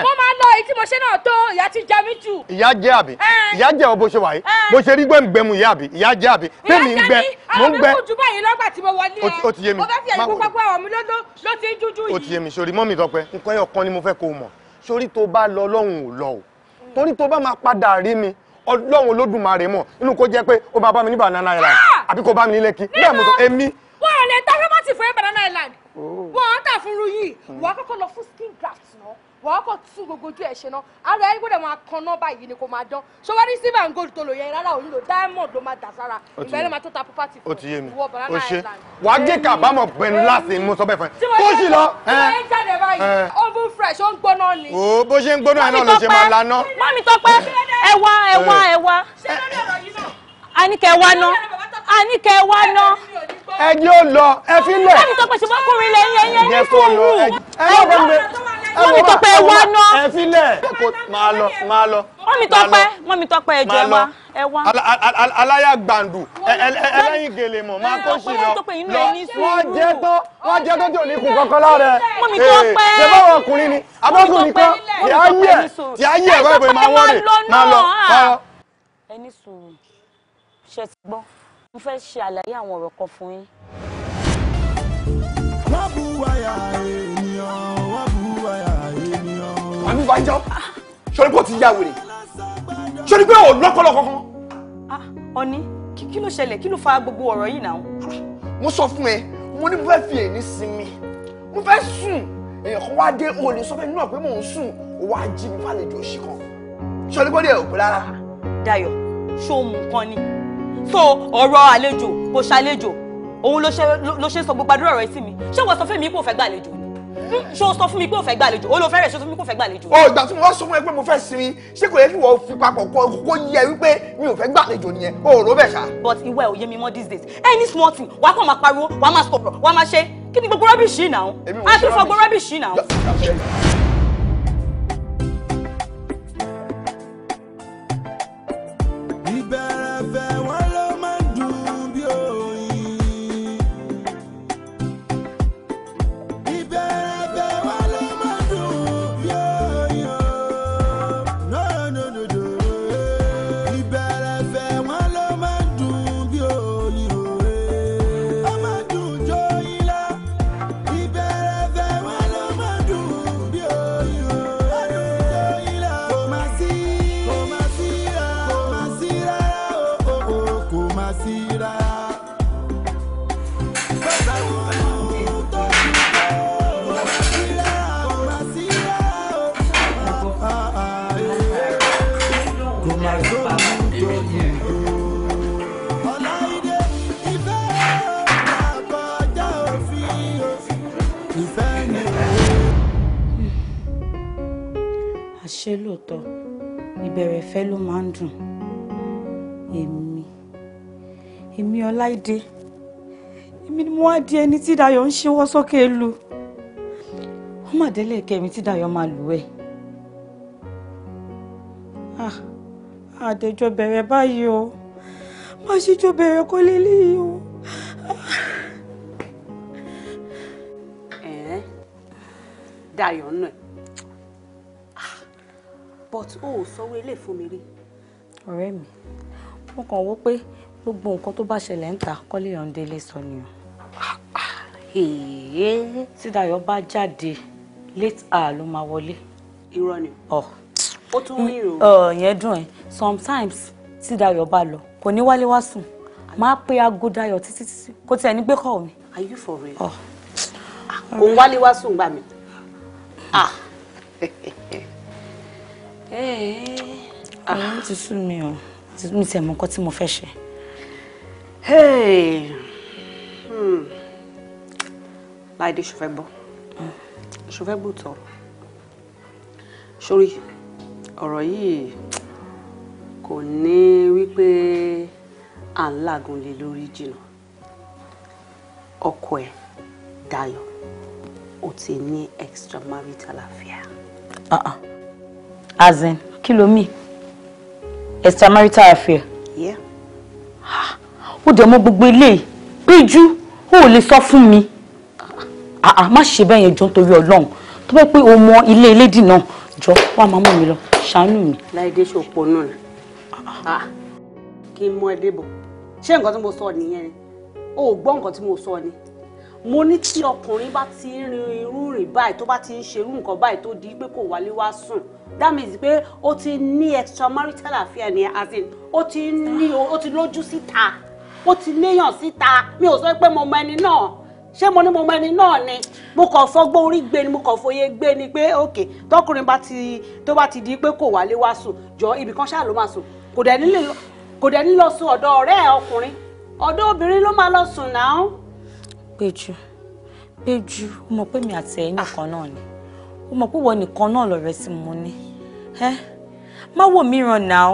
mo máa lọ èyí tí mo ṣe náà tó ìyá ti jẹ mí jù. ìyá jẹ àbí ìyá jẹ ọ bó ṣe wà yìí bó ṣe rí gbẹmugbẹmu ìyá àbí ìyá jẹ àbí tèmi ń gbẹ mo ń gbẹ. ìyá jẹ mi àwọn mi kò jù báyìí lọ́gbà tí mo wọlé ẹ o ti yé mi mo fẹ́ fi ẹ̀yìn púpọ̀ pé àwọn mi ló ti ń jújú yìí. o ti yé mi sori mọ́mì tọpẹ nǹkan ẹyọ kan ni mo fẹ́ kó o mọ̀ sori tó bá lọ lọ́hùn ò lọ o torí tó bá máa padà rí mi ọlọ́run olódùmarè mọ̀ inú kó jẹ́ pé ó máa bá mi ní banana island ah! àbí kó bá mi ní lẹ́kì lẹ́ẹ̀mọ́tò èmi wọn ò lè ta property fún banana island oh. wọn ò tà fún ruyin hmm. wọn kọ́kọ́ lọ fún skin graft náà wọn kọ tún gbogbo ojú ẹ ṣe náà ara ẹ gbọ́dọ̀ máa kan náà báyìí ni kò máa dán sọwọ́dí silver and gold tó lò yẹn rárá òun lò diamond ló máa dà sára ìgbà ẹni máa tó ta property fún ìwọ banana island. wà á jẹ́ kábàámọ̀ pẹ̀lú láti mú sọ bẹ́ẹ̀ fún ẹ kó sì lọ. tí yẹn jáde báyìí oven fresh ó ń gbóná ni. o bó ṣe ń gbóná ẹ náà ló ṣe máa laná. mọ́mí tó pẹ́ ẹ wá ẹ wá ẹ àní kẹ wá ná. ẹ ní ó lọ ẹ fi lẹ. ẹni tó pẹ ṣùgbọ́n kùnrin lẹ yẹn yẹn ní sùúrù. ẹ wọ́n bá mi wọ́n mi tọpẹ́ wá ná. ẹ fi lẹ. máa lọ máa lọ. wọ́n mi tọpẹ́ wọ́n mi tọpẹ́ ẹ jẹ́ ẹ wá. aláya gbàǹdù ẹlẹ́yin gèlè mọ̀ máa kó sí lọ lọ wọ́n jẹ́ tán wọ́n jẹ́ tán tí ò ní kun kankan lára ẹ̀ ṣe báwọn ọkùnrin ni abọ́kùnrin nìkan tí a yẹ tí a yẹ ẹ̀rọ ìbò ìmọ̀ àwọn rẹ̀ máa lọ. ẹni sùúrù ṣe mo fẹ́ ṣe àlàyé àwọn ọ̀rọ̀ kan fún yín. wọ́n bu wáyà ènìyàn wọ́n ènìyàn. àmì ìbànújọ sọrí pé o ti yá wèrè sọrí pé o lọ́pọ̀lọ́ kankan. Ah, ọ̀ní kí ló ṣẹlẹ̀ kí ló fa gbogbo ọ̀rọ̀ yìí náà. mo sọ fún ẹ mo ní mo fẹ́ fi èyí sinmi mo fẹ́ sùn èèyàn kan wá dé o lè sọ fẹ́ nínú ọ̀pẹ́ mò ń sùn o wá jí mi fàlejò òṣì kan pé o lè òpè rárá. Dayọ̀ ṣó o mú nǹkan ni so ọ̀rọ̀ àlejò kò ṣàlejò òun ló ṣe sọ gbogbo àdúrà rẹ sí mi ṣé wọ́n sọ fún mi pé ò fẹ́ gbàlejò hmm, ṣé o sọ fún mi pé o fẹ́ gbàlejò o lọ fẹ́ rẹ̀ ṣe o sọ fún mi pé o fẹ́ gbàlejò. ọ oh, ìgbà tí mo wá sọ fún ẹ pé mo fẹ́ sinmi ṣé kò yẹ kí wọ́n fi papọ̀ kó kó yẹ wípé mi ò fẹ́ gbàlejò nìyẹn o ò rò bẹ́ẹ̀ ṣá. but ìwẹ ò yé mi mọ́ these days any small thing wàá kàn máa pariwo wàá máa sọ̀rọ̀ wàá máa ṣe kí ni gbogbo rọ́bìṣì náà a kì í fọ gbogbo rọ́bìṣì náà. ṣé lóòótọ́ ìbẹ̀rẹ̀ ìfẹ́ ló máa ń dùn èmi èmi ọláìdé èmi ni mo wá di ẹni tí Dayọ̀ ń ṣíwọ́ sókè lu wọ́n mà délé kẹ́mi tí Dayọ̀ máa lù ẹ́ àdẹjọ ah, bẹ̀rẹ̀ báyìí o má ṣíjọ bẹ̀rẹ̀ kó lélẹ́yìí o. Dayọ̀ náà but o ò sanwó ilé fún mi rí. ọ̀rẹ́ mi mo kàn wò pé gbogbo nǹkan tó bá ṣẹlẹ̀ ń ta kọ́lé ọ̀ǹdẹ́lẹ̀ sọ ni o. tí Dayọ̀ bá jáde late hour ló máa wọlé. irọ́ ni ó tún rí ìrò. yẹn dùn ẹ́ sometimes tí Dayọ̀ bá lọ kò ní wálé wá sùn máa pe aago Dayọ̀ títí títí kó tiẹ̀ ní gbé kọ́ mi. are you for real. Ah, kò ń wálé wá sùn gbà mí. Ah. [LAUGHS] àwọn ti sú mi o ti mi ti ẹ̀mọ́ nǹkan tí mo fẹ́ ṣe. Hmm. láìdé ṣòfẹ́ gbọ́ hmm. ṣòfẹ́ gbòòtọ́ sórí ọ̀rọ̀ yìí kò ní wípé à ń làgùn lé lórí jìnnà ọkọ ẹ Dayọ̀ ó ti ní extramarital affair. Uh-uh as in kí ló mì extramarital affair. yeah. ó the mọ̀ gbogbo eléyìí péjú ó ò lè sọ fún mi ah, ah, má ṣe bẹ́ẹ̀ yẹn jọ nítorí ọlọ́run tó bẹ́ẹ̀ pé o mọ ilé elédì náà jọ wà máa mú mi Shine me. Like this, ṣòpò náà kí n mú ẹ débò ṣé nǹkan tí mo sọ nìyẹn ni o ò gbọ́ nǹkan mo ní tí ọkùnrin bá ti ń rin irú rìn báyìí tó bá ti ń ṣerú nǹkan báyìí tó di pé kò wálé wá sùn that means pé ó ti ní extramarital affair ni as in ó ti ní ó ti lójú síta ó ti léèyàn síta mi ò sọ pé mo mọ ẹni náà ṣé mo ní mo mọ ẹni náà ni mo kàn fọgbọ́n orí gbé ni mo kàn fòye gbé ni pé ok tọkùnrin bá ti tó bá ti di pé kò wálé wá sùn jọ ibì kan ṣáà ló máa sùn kò dẹ̀ ní lọ sùn ọ̀dọ̀ ọ̀rẹ́ ọkùnrin ọ̀dọ̀ obìnrin ló máa lọ sùn náà. Péjú Péjú ó mọ̀ pé mi àti ẹ̀ nìkan náà ni ó mọ̀ pé ìwọ nìkan náà lọ̀rẹ́ tí mo ní ẹ́ má wò mí ràn náà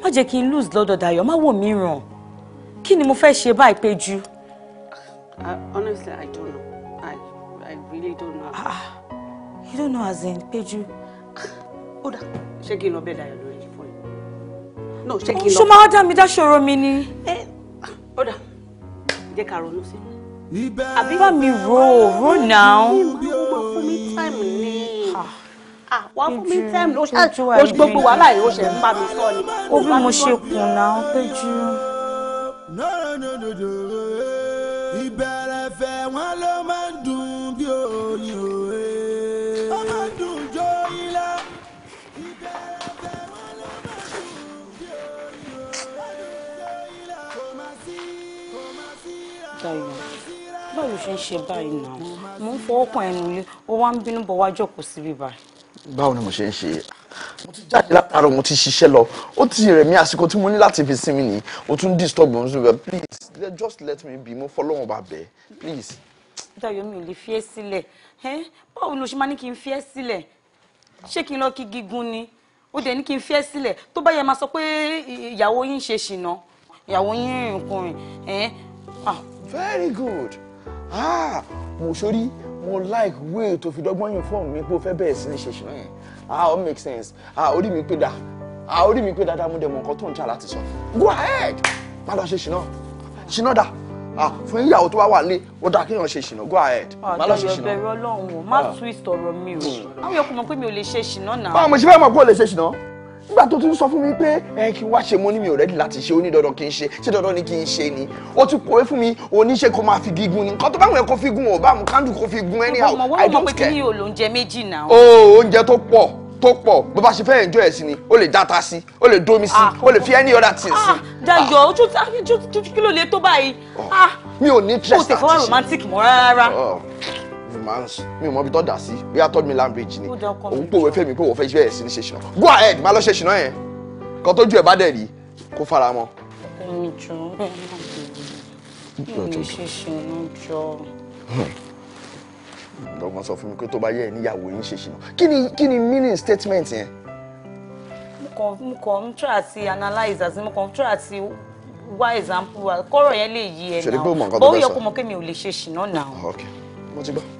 má jẹ́ kí n lose lọ́dọ̀ Dayọ̀ má wò mí ràn kí ni mo fẹ́ ṣe báyìí Péjú. honestly I don't know I I really don't know. Ah, ah. you don't know as in Péjú. Ah, ó dà ṣé kí n lọ bẹ́ẹ̀ Dayọ̀ lórí fóònù. no ṣé kí n lọ. ṣé máa dá mi dá ṣòro mi ni. Eh, ah, jẹ́ ká ronú sí i. Abi bá mi ro ro náà. Ah, wọ́n fún mi time ní wọ́n fún wa time ló ṣe gbogbo wàhálà yìí ó ṣe ń bá mi sọ ni. ó bí mo ṣe kùnà ó péjú. ìbẹ̀rẹ̀ fẹ́ wọn ló máa ń dùn bí oyin òwe. ó máa ń dùn jó ilá. ìbẹ̀rẹ̀ fẹ́ wọn ló máa ń dùn bí oyin òwe. ó máa ń dùn jó ilá. kò má sí kò má sí ra báwo ṣe ń ṣe báyìí náà mo ń fọwọ́ kan ẹnu ilé ó wá ń bínú bọ̀ wájọ́ kò síbi báyìí. báwo ni mo ṣe ń ṣe mo ti jáde látàárọ̀ mo ti ṣiṣẹ́ lọ ó ti rẹ̀ mí àsìkò tí mo ní láti fi sinmi nìyí o tún disturb me nígbà please just let me be mo fọlọ́wọ́n bá bẹ̀ please. dayo mi ò lè fi ẹ́ sílẹ̀ báwo ni o ṣe máa ní kí n fi ẹ́ sílẹ̀ ṣé kí n lọ kí gígùn ni ó dẹ̀ ní kí n fi ẹ́ sílẹ̀ tó bá yẹ máa sọ pé ìyàwó yín ṣe ṣìnà ìyàwó yín rìn kùnrin. Ah. very good Ah, mo sórí mo like way to fi dọ́gbọ́n yẹn fọ́ọ̀mù mi pé o fẹ́ bẹ̀rẹ̀ sí ní ṣe ṣùgbọ́n ah all make sense ah orí mi pé dá ah orí mi pé dáadáa mo dẹ̀ mọ̀ nǹkan tó ń tà láti sọ go ahead má lọ ṣe ṣìnà ṣìnà dá ah fún ìyàwó tó wá wà lé ó dáa kéèyàn ṣe ṣìnà go ahead ah, má lọ ṣe ṣìnà. àtẹ̀yọ̀ bẹ̀rẹ̀ o má ah. twist ọ̀rọ̀ mi o àwọn hmm. yòókù mọ̀ pé mi ò lè ṣe ṣìnà náà. báwo mo ṣe fẹ́ mọ̀ pé o lè ṣe ṣìnà nígbà tó tún sọ fún mi pé ẹ kí n wá ṣe mo ní mi already láti ṣe oní kí n ṣe ṣé dandan ni kí n ṣe ni ó ti pòwe fún mi oníṣe kó máa fi gígùn ni nǹkan tó bá wọn kó fi gún o bá mu kándù kó fi gún anyhow i don't ọmọ wọn mọ pé kí ni olóúnjẹ méjì náà. o oh, oúnjẹ tó pọ̀ tó pọ̀ bó bá ṣe fẹ́ enjoy ẹ̀ sí ni ó lè dáta sí ó lè domi sí ah. ó lè fi any other thing sí. Ah, Dayọ̀ ojú ojú kí ló lè tó báyìí. Oh, ah. mi ò ní interest àti máa ń sùn mi ò mọ ibi tó dà sí bí a third mainland bridge ni òun pò wẹ́fẹ́ mi pé wọ́n fẹ́ bẹ̀rẹ̀ sí ní ṣe ṣìnà go ahead máa lọ ṣe ṣìnà yẹn kan tójú ẹ̀ bá dẹ̀ rí kó fara mọ́. ẹ̀mí jọ bẹ́ẹ̀ náà bèèrè mi ò ṣe ṣìnà jọ lọ́gbọ́n sọ fún mi pé tó bá yẹ ẹ níyàwó yín ṣe ṣìnà kí ni kí ni meaning statement yẹn. mo kàn mo kàn ń try àti analyse àti mo kàn ń try àti wá example wa kọ́rọ̀ yẹn lè yí ẹ náà bó yẹ kó mọ̀ pé mi ò lè ṣe ṣìnà náà. ok mo ti gbọ́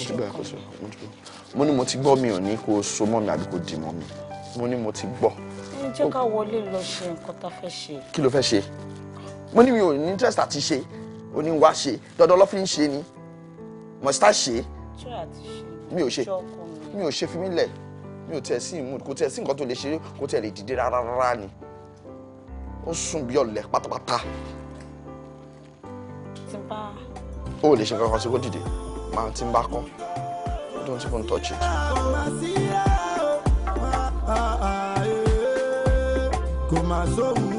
ṣe bẹ́ẹ̀ kó sọ mo dúró mo ní mo ti gbọ́ mi ò ní kó so mọ́ mi àbí kó dì mọ́ mi mo ní mo ti gbọ́. ẹ jẹ́ ká wọlé lọ ṣe nǹkan tá a fẹ́ ṣe. kí ló fẹ́ ṣe mo ní mi ò ní interest àti ṣe ó ní wá ṣe dandan ló fi ń ṣe ni mọ̀sítà ṣe mi ò ṣe mi ò ṣe fi mí lẹ̀ mi ò tẹ̀ sí ìmú kò tẹ̀ sí nǹkan tó lè ṣe kò tẹ̀ lè dìde rárá rárá ni ó sùn bí ọ̀lẹ pátápátá. ti bá. o ò lè ṣe kankan sí kó dìde máa ti ń bá kọ́ don't even touch it. kò máa sóhun.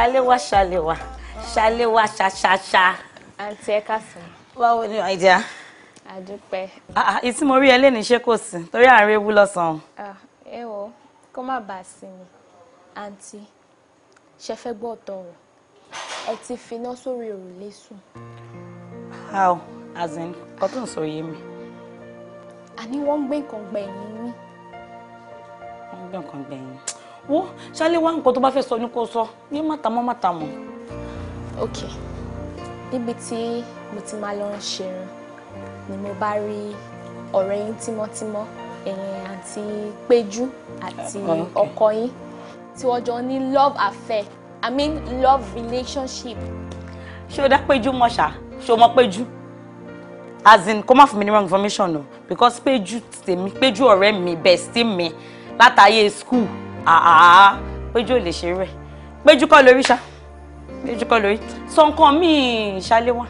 ṣàléwà ṣàléwà ṣàléwà ṣàṣàṣà. àǹtí ẹ káàsán. báwo ni àìdíà. àdúpẹ́. Ah, ah, ìtí mo rí ẹ lẹ́nu iṣẹ́ kò sí torí àárín ewu lọ́sàn-án. Ah, ẹ wo kó má bàa sí mi àǹtí ṣe fẹ́ gbọ́ ọ̀tọ̀ rẹ̀ ẹ ti finá sórí òrùlé sùn. how as in kọ́tún sọ yé mi. àní wọ́n ń gbé nǹkan gbẹ̀yìn mi. wọ́n ń gbé nǹkan gbẹ̀yìn mi wo ṣálẹ̀ wá nǹkan tó bá fẹ́ sọ ni kò sọ yé má tamọ́ ok níbi tí mo ti máa lọ ń ṣerun ni mo bá rí ọ̀rẹ́ yín tímọ́tímọ́ ẹ̀yìn àti péjú àti ah, ọkọ yín tí wọ́n jọ ní love affair i mean love relationship. ṣé o dá péjú mọ̀ ṣá ṣé o mọ̀ péjú as in kó má fún mi ní wrong information o because péjú tèmi péjú ọ̀rẹ́ mi bestie mi látàyè school àá ah, péjú ò lè ṣe rẹ̀ péjú kọ́ lórí ṣá péjú kọ́ lórí sọ nǹkan míì ṣálé wá.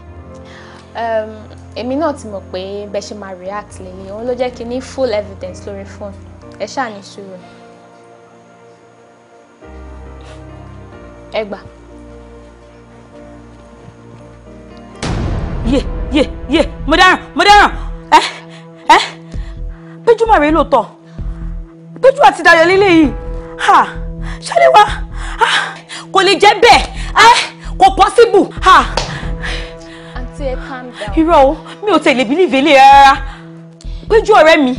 èmi náà ti mọ̀ pé bẹ́ẹ̀ ṣe máa react lélẹ̀ òun ló jẹ́ kí n ní full evidence lórí fóònù ẹ ṣáà ní sùúrù ẹ gbà. yé yé yé mo dáràn mo dáràn ẹ ẹ péjú màrè lóòótọ́ péjú àti dayọ̀ lílé yìí. Ha, kò lè jẹ́ bẹ́ẹ̀ kò possible. àǹtí ẹ calm down. irọ́ o mi ò tẹ̀lé bílíìfì ilé rárá lójú ọ̀rẹ́ mi.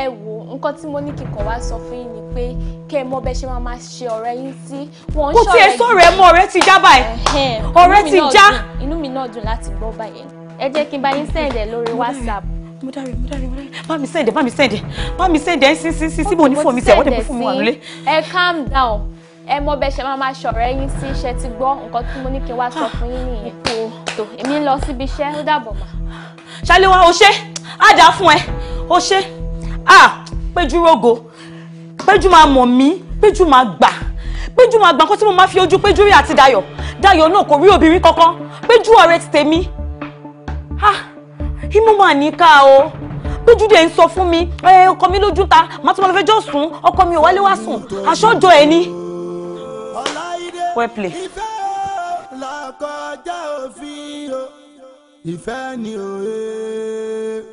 ẹ wo nǹkan tí mo ní kíkan wá sọ fún yín ni pé kẹ́ ẹ mọ bẹ́ẹ̀ ṣe máa máa ṣe ọ̀rẹ́ yín sí wọ́n ń ṣọ̀rẹ́ yìí. kò tiẹ̀ sọ̀rọ̀ ẹ mọ ọ̀rẹ́ ti já báyìí ọ̀rẹ́ ti já. inú mi náà dùn láti gbọ́ báyìí ẹ jẹ́ kí n bá yín sẹ́ǹdẹ̀ lórí whatsapp mo dáre mo dáre mo dáre bá mi sẹ́ndẹ̀ bá mi sẹ́ndẹ̀ bá mi sẹ́ndẹ̀ sí mi sí ẹ̀wọ́n tẹ̀ fún mi wà nílé. ẹ calm down ẹ mọ bẹ ṣe máa máa ṣọ̀rọ̀ ẹ̀yin sí iṣẹ́ ti gbọ́ nǹkan tí mo ní kí n wá sọ ah. fún yín nìyẹn. tó èmi ń lọ síbi iṣẹ́ ó dàbọ̀ mà. ṣálíwá o ṣe á dáa fún ẹ o ṣe á péjú rogo péjú máa mọ̀ mí péjú máa gbà péjú máa gbà nǹkan tí mo máa fi ojú péjú rí àti Dayọ̀ Dayọ̀ náà kò rí obìnrin kankan péjú ọ̀rẹ́ ti tèmi. Ah imú mà níkà o lójúde ń sọ fún mi ọkọ mi lójú ta màá tún máa lọ fẹjọ sùn ọkọ mi ò wálé wá sùn aṣọjọ ẹ ni. well play. ìfẹ́ lọ́kọjá òfin o ìfẹ́ ni òye.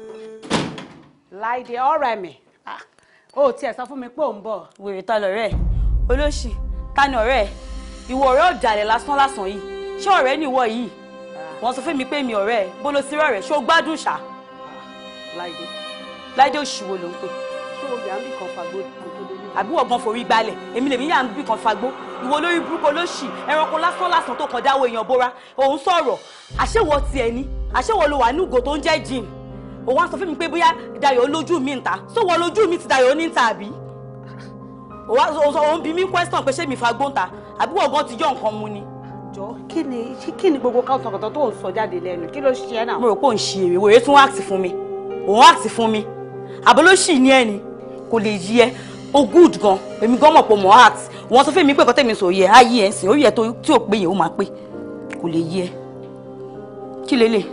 láìdè ọ̀rọ̀ ẹ̀mí o tiẹ̀ sọ fún mi pé ò ń bọ̀. wèrè ta lọ̀rẹ́ ẹ̀ olóṣì ta ni ọ̀rẹ́ ẹ̀ ìwọ ọ̀rẹ́ ọ̀dàlẹ̀ lásán lásán yìí ṣé ọ̀rẹ́ ni ìwọ yìí wọ́n sọ fún mi pé mi ọ̀rẹ́ ẹ̀ bó ló sí rẹ̀ ṣó gbádùn ṣá. láìdé láìdé òṣùwò ló ń pè. ṣé o yà ń bì kan fagbó kan tó dé. àbí wọ́n gan forí gbalẹ̀ èmi lèmi yà ń bì kan fagbó ìwọ lórí burúkú olóṣì ẹranko lásán lásán tó kọjá àwọn èèyàn bóra òun sọ̀rọ̀ àṣewọ̀ tiẹ̀ ni àṣewọ̀ ló wà ní ugò tó ń jẹ́ jìn òun á sọ fún mi pé bóyá Dayọ̀ lójú mi ń ta sówọ́ lójú mi ti Dayọ̀ ní ń ta àbí òun bí mi question pé ṣé mi fagbó ń ta àbí gan ti yọ nǹkan mu ni jọ kí ni kí ni gbogbo kátàkátà tó ń sọ jáde lẹ́nu kí ló ṣe ẹ́ náà. mo rò pé òun ṣe èrè wòye tún act fún mi òun act fún mi àbólóṣì ní ẹni kò lè yí ẹ o good gan èmi gan mọ̀ pé mo act wọn sọ fún mi pé ẹ̀kọ́ tẹ̀mí sọ yẹ ayé ẹ̀ sìn ó yẹ tí ò péye ó máa pé kò lè yí ẹ kí lélẹ̀.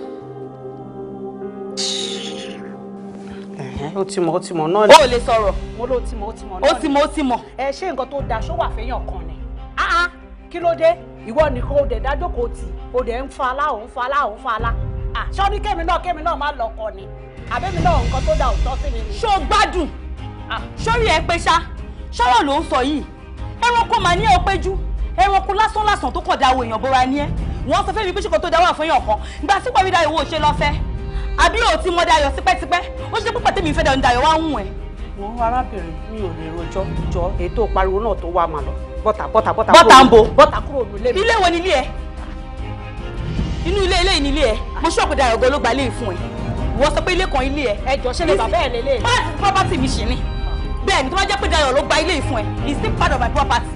ó ti mọ̀ ó ti mọ̀ náà. ó lè sọ̀rọ̀. mo ló ti mọ̀ o ti mọ̀ náà. ó ti mọ̀ ó ti mọ̀. ẹ ṣé nǹkan tó da ṣó wà fẹ́yàn kan ni. Ah, ah kí ló dé ìwọ nìkan ó dẹ̀ dájókòó tì ó dẹ̀ ń fa alá òun fa alá òun fa alá sọ́ni kémi náà kémi náà má lọ́kọ ni àbẹ́mi náà nǹkan tó da òótọ́ sí mi ni. ṣó gbádùn sórí ẹ pé ṣá ṣọ́rọ̀ ló ń sọ yìí ẹranko màá ní ẹ ó péjú ẹranko lásán lásán tó kọ̀ da àwọn èèyàn bóra ní ẹ wọ́n sọ fẹ́mi pé ṣùkọ́ tó da wà fún yàn kan gba sípò mi dayọ̀ owó ṣe lọ́fẹ́ àbí òtí mọ́ dayọ̀ tipẹ́tipẹ́ ó ṣe púpọ̀ tèmi fẹ́ dayọ̀ wá ń hùn ẹ̀ mo arábìnrin mi ò lè rojọ́ jọ ètò pariwo náà tó wà mà lọ bọ́tà bọ́tà bọ́tà bọ́tà ń bo bọ́tà kúrò nílé mi. ilé wo ni ilé ẹ inú ilé ilé ni ilé ẹ mo ṣọ́ọ̀kù dayọ̀ gan ló gba ilé ìfún ẹ ìwọ sọ pé ilé kan ilé ẹ. ẹ jọ ṣe lè bàbá ẹ lélẹ. property mi ṣì ni bẹ́ẹ̀ ni tó bá jẹ́ pé dayọ̀ ló gba ilé ìfún ẹ it's still part of my property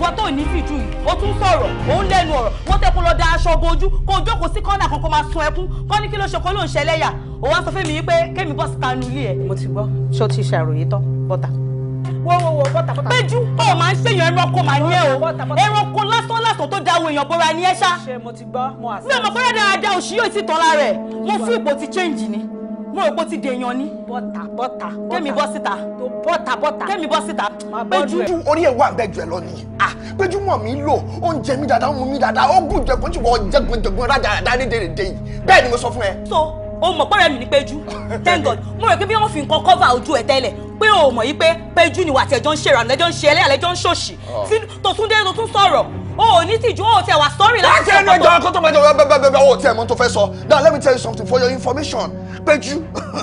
wọ́n tó ní fìjú yìí ó tún sọ̀rọ̀ òun lẹ́nu ọ̀rọ̀ wọ́n tẹ́ kó lọ da aṣọ bo kó o jókòó sí kọ́nà kan máa sun ẹkún kọ́ ní kí ló ṣe kó ló ń ṣẹlẹ́yà ó wá sọ fún mi pé kémi bọ́ síta nu ilé ẹ̀. mo ti gbọ́ ṣó ti ṣàròyé tán bọ́tà. wo wo wo bọ́tà bọ́tà. péjú ó máa ń ṣèyàn ẹranko màá ní ẹ o ẹranko lásán lásán tó dáwọ èèyàn bọ́ra ní ẹ ṣá. ṣe mo ti gbọ́ mo àṣẹ. mi ò mọ̀ pẹ́rẹ́ dáadáa òṣì yóò ti tán lára ẹ̀ mo fún ipò ti change ni mo rò pé ó ti dèèyàn ni. bọ́tà bọ́tà kémi bọ́ síta. bọ́tà bọ́tà kémi bọ́ síta. péjú orí ẹ̀ wà bẹ́ẹ̀ jù ẹ lọ nìyí. Ah! péjú mọ̀ mí lò ó ń jẹ mí dáadáa ó mú mi dáadáa ó gùn jẹ̀gbọ́n jùlọ jẹ̀gbọ́n jẹ̀gbọ́n rájà dáadé dèrè dé yìí bẹ́ẹ̀ ni mo sọ fún ẹ. so o mọ̀ pọ́rẹ́ mi ní péjú thank god mo rò pé bí wọ́n fi nǹkan cover ojú ẹ̀ tẹ́lẹ̀ pé o mọ̀ yìí pé péjú ni wà tí ẹjọ́ ń ṣe ìrànlọ́ ẹjọ́ ń ṣe ẹlẹ́yà lẹ́jọ́ ń ṣòṣì tí oh. tòtúndé tó tún sọ̀rọ̀ o ò ní tìjú o ò tiẹ̀ wá sọ́ọ̀rì láti ṣe ọ̀pọ̀. láti ẹni ẹja kó tó bẹ̀rẹ̀ bẹ́ẹ̀ bẹ́ẹ̀ bẹ́ẹ̀ o ò tiẹ̀ mọ̀ tó fẹ́ sọ now let me tell you something for your information péjú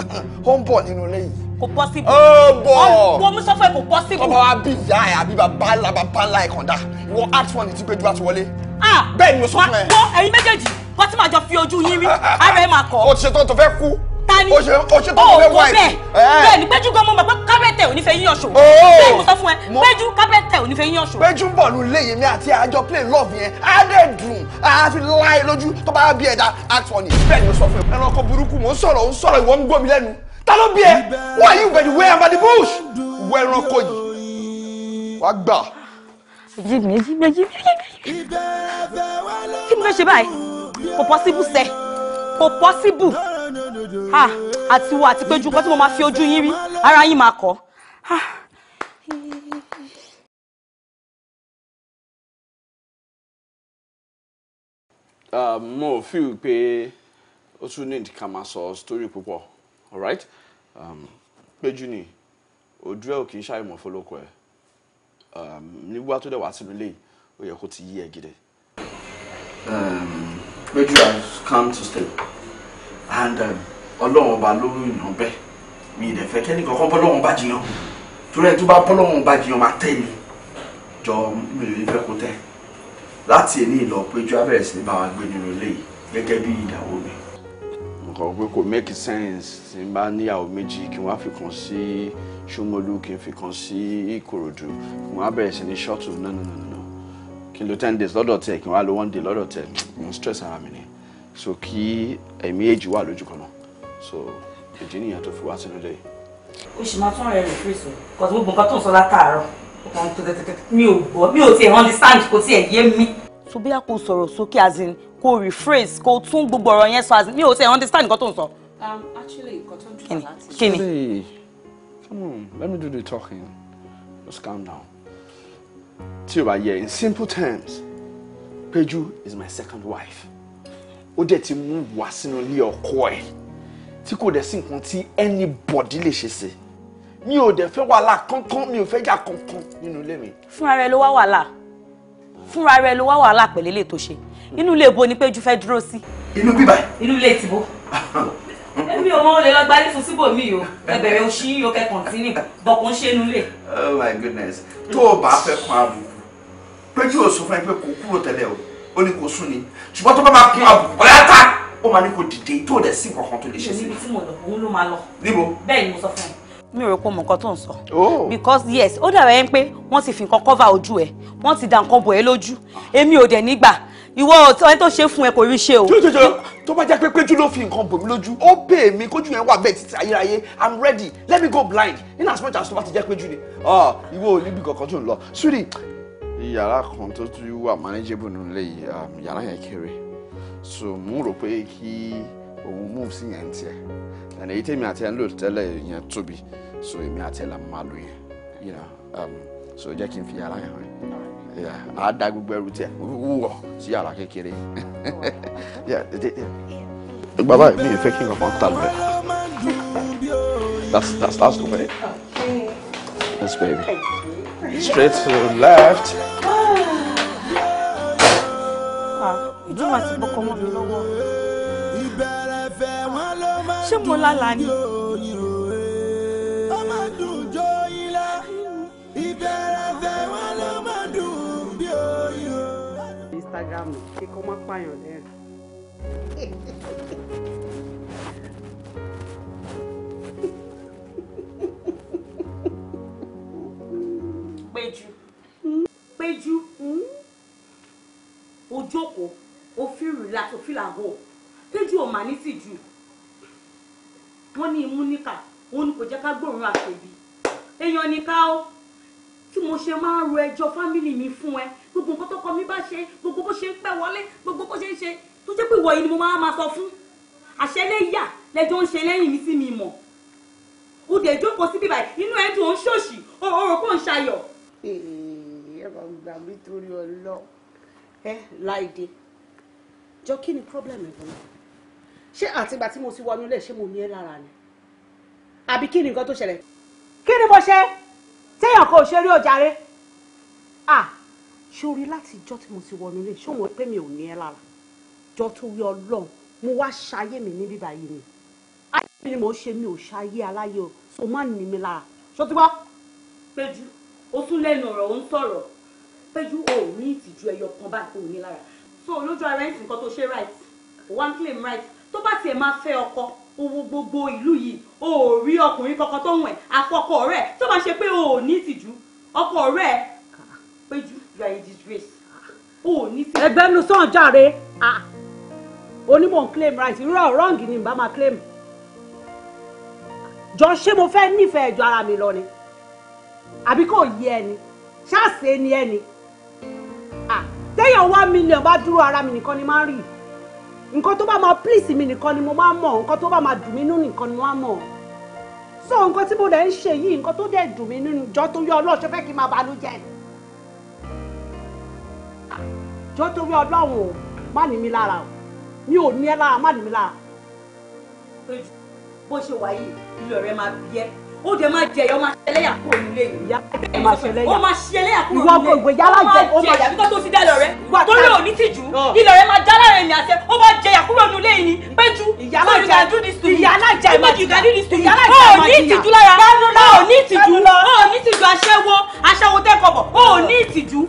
[LAUGHS] ó ń bọ̀ nínú ilé yìí kò possible. ó bọ̀ wọ́n mú sọ́fẹ̀ kò possible. ọmọ wa bí ìyá ẹ̀ àbí bàbá ńlá bàbá ńlá ẹ̀ kàn dá ìwọ act one ti péjú àti wọlé. Ah! bẹ́ẹ̀ ni mo sọ fún ẹ. wọ́n ẹ̀yin méjèèjì kó tí màá jọ fi ojú yín rí ara ẹ̀ máa kọ́. o ṣe tán tó fẹ́ kú. ta ni o ṣe tán tó fẹ́ wáyé. bẹ́ẹ̀ ni péjú gan mo mọ̀ pé kábẹ́tẹ̀ ò ní fẹ́ yín ọ̀ṣọ́. Oh! bẹ́ẹ̀ mo sọ fún ẹ péjú kábẹ́tẹ̀ ò ní fẹ́ yín ọ̀ṣọ́. péjú ń bọ̀ lù léyìn mi àti àjọ play love yẹn á dẹ̀ dùn á fi láì lójú tó bá bí ẹ̀dá act for ni. bẹ́ẹ̀ ni mo sọ fún ẹ ẹranko burúkú mò ń sọ̀rọ̀ ń sọ̀rọ̀ ìwọ ń gbọ́ mi lẹ́nu ta ló bí ẹ why you been way about the bush wọ ẹranko yìí wàá gbà. méjì méjì méjì méjì kí ni mo fẹ́ ṣe báyìí kò possible sẹ́ kò possible ah àti wo àti péjú nǹkan tí mo máa fi ojú yín rí ara yín máa kọ́ ah, mo ò fi pé ó tún ní ká máa sọ story púpọ̀ alright um, péjú ni ojú ẹ ò kì í ṣàìmọ̀ fọlọ́kọ ẹ um, nígbà tó dẹ̀ wá sínú ilé ó yẹ kó ti yí ẹ gidi. Um, Pedro has come to stay and um, ọlọ́run ọba ló ń yàn bẹ́ẹ̀ mi ì dẹ̀ fẹ́ kẹ́ni kankan bọ́lọ́run bá jiyàn torí ẹni tó bá bọ́lọ́run bá jiyàn máa tẹ̀ mí jọ mi ò ní fẹ́ kó tẹ̀ láti èní ìlọ Pedro abẹ́rẹ́ sí ní bá wa gbé nínú ilé yìí gẹ́gẹ́ bí ìyàwó mi. nǹkan pé kò make sense tí n bá níyàwó méjì kí wọ́n á fi kàn sí Ṣómolú kí n fi kàn sí Ìkòròdú kí wọ́n á bẹ̀rẹ̀ sí ní ṣọ́ọ̀tù náà náà náà kí n lo ten days lọ́dọ̀ tẹ̀ kí n wá lo one day lọ́dọ̀ tẹ̀ mo ń stress ara mi ni so kí ẹ̀mí èjì wà lójú kan náà so èjì nìyẹn tó fi wá sínú lẹ́yìn. o ṣì máa tún rẹ̀ rẹ̀ fèsì kò tó gbogbo nǹkan tó ń sọ látàárọ̀ mi ò gbọ́ mi ò tiẹ̀ understand kò tiẹ̀ yé mi. so bí a kò sọ̀rọ̀ sókè as in kò rephrase kò tún gbogbo ọ̀rọ̀ yẹn sọ as in mi ò tiẹ̀ understand nǹkan tó ń sọ. Um, actually nǹkan tó ń dùn láti. kí ni. come on let me do the talking just calm down tí here in simple terms Peju is my second wife ó dẹ̀ ti mú wá sínú ilé ọkọ ẹ̀ tí kò dẹ̀ sí nǹkan tí anybody lè ṣe sí mi ò dẹ̀ fẹ́ wàhálà kankan mi ò fẹ́ jà kankan nínú ilé mi. fúnra rẹ wa wá wàhálà fúnra rẹ ló wá wàhálà pẹ̀lú ilé tó ṣe inú ilé ibo ni Peju fẹ́ dúró sí. inú bíbá. inú ilé tìbó èmi ò mọ olè lọ gba nífun síbò mi o ẹbẹ̀rẹ̀ òṣì yìí ó kẹ́ kọ̀ǹtínì bọ̀kún ṣe nulẹ̀. oh my goodness tó o bá fẹ́ kan àbùkù péjú ò sọ fún ẹ pé kò kúrò tẹ́lẹ̀ o ó ní kò sùn ni ṣùgbọ́n tó bá máa kún àbùkù ọ̀yá tá ó máa ní kò dìde tó dẹ̀ sí nǹkan kan tó lè ṣe sí. níbi tí mo lọ òun ló máa níbo bẹ́ẹ̀ ni mo sọ fún ẹ mi rò pé mọ̀ nǹkan tó ń sọ. Oh. because yes ó dàbẹ̀ yẹn pé wọ́n ti fi nǹkan cover ojú ẹ̀ wọ́n ti da nǹkan bò ẹ́ lójú èmi ò dẹ̀ nígbà ìwọ ẹni tó ṣe fún ẹ kò rí ṣe o. jọjọjọ tó bá jẹ́ pé péjú ló fi nǹkan bò mí lójú ó bè mí kójú yẹn wà bẹ́ẹ̀ títí ayérayé i'm ready let me go blind in as much as tó bá ti jẹ́ péjú ni oh, ìwọ ò níbi kankan tó ń lọ yàrá kan tó tún wà manageable nínú ilé um, yàrá yẹn kéré so mo rò pé kí òun move sí yẹn tiẹ̀ ẹ̀nà èyí tèmi àti ẹ̀ lò tẹ́lẹ̀ yẹn tóbi so èmi àti ẹ̀ máa lò yẹn um, so jẹ́ kí n fi yàrá yẹn hàn á da gbogbo ẹrù tiẹ̀ wúwọ̀ sí yàrá kékeré [LAUGHS] bàbá mi ò fẹ́ kí n kàn tà lọ that's that's that's the way that's baby straight to the left. Ah, ìjọba ti bọkọ mọ mi lọ́wọ́ ṣé mo lálà ni. Instagram kí kò má pààyàn lẹ́rìn. péjú péjú hmm? o jókòó o feel relax o feel at home péjú ò mà ní tìjú wọ́n ní imú níkà wọ́n ní kò jẹ́ ká gbóòórùn àṣẹbí èèyàn ní ká ó tí mo ṣe máa ń ro ẹjọ́ fámìlì mi fún ẹ gbogbo nǹkan tó kọ mi bá ṣe gbogbo bó ṣe ń pẹ́ wọlé gbogbo bó ṣe ń ṣe tó jẹ́ pé ìwọ yìí ni mo máa máa sọ fún àṣẹ lẹ́yà lẹ́jọ́ ń ṣe lẹ́yìn mi sí mi mọ̀ o dẹ̀ jókòó síbí báyìí inú ẹ̀ dùn ó ń ṣòṣì o rò pé ó ń ṣayọ̀ ẹ bá gbà mí torí ọlọ ẹ láìdé jọ kí ni problem ẹ gan ṣé àtìgbà tí mo ti wọnú lẹ ṣé mo ní ẹ lára ni àbí kí ni nǹkan tó ṣẹlẹ̀ kí ni mo ṣe téèyàn kò ṣe rí ojàre ah ṣorí láti ìjọ tí mo ti wọnú lẹ ṣé mo pé mi ò ní ẹ lára jọ tó rí Ọlọ́run mo wá ṣayé mi ní bíbá ni ayé mi ni mo ṣe mi ò ṣayé aláyé o so má nì mí lára ṣó ti gbọ́ péjú ó tún lẹ́nu ọ̀rọ̀ ó ń sọ̀rọ̀ péjú o ìtìjú ẹyọ kan báyìí ò ní lára so lójú ara ẹ̀sìn kan tó ṣe right one claim right tó bá tiẹ̀ máa fẹ́ ọkọ owó gbogbo ìlú yìí o rí ọkùnrin kankan tó wẹ̀ àfọkọ rẹ̀ tó bá ṣe pé o ní ìtìjú ọkọ rẹ̀ péjú you are a disgrace o ní ìtìjú. ẹgbẹ́ nu sàn jàre onímọ̀ ń claim right irú ọ̀rọ̀ ọ̀gì ni bá máa claim jọ ṣé mo fẹ́ nífẹ̀ẹ́ ju ara mi lọ ni àbí kò yí ẹni ṣáàṣì ẹni ẹni téèyàn one million bá dúró ara mi nìkan ni máa ń rí nǹkan tó bá máa please mi nìkan ni mo máa ń mọ̀ nǹkan tó bá máa dùn mí nínú nìkan ni mo máa ń mọ̀ so nǹkan tí mo dẹ̀ ń ṣe yìí nǹkan tó dẹ̀ dùn mí nínú jọ tó yọ ọlọ́ọ̀ṣọ́ fẹ́ kí n máa banú jẹ́ jọ tó yọ ọlọ́run má ní mi lára o mi ò ní ẹ lára má ní mi lára. bó ṣe wà yìí ilé máa bí ẹ́ ó jẹ máa jẹyọ máa ṣẹlẹ́yà kúrò nílé yìí. ó máa ṣẹlẹ́yà ó máa ṣẹlẹ́yà kúrò nílé yìí. ìwọ gbogbo yálà jẹ ó máa jẹyà bí kò tó ti dá lọ rẹ. torí ò ní tìjú ilẹ̀ rẹ máa já lára ẹ̀yìn àṣẹ ó máa jẹyà kúrò nílé yìí péjú. ìyálà jẹ ìyálà jẹ ìmọ̀ jù gàdí ní sùn. ìyálà jẹ ìmọ̀ jìyà ó ní ìtìjú lára ó ní ìtìjú ó ní ìtìjú aṣẹ́wó aṣẹ́wó tẹ́kọ̀bọ̀ ó ní ìtìjú.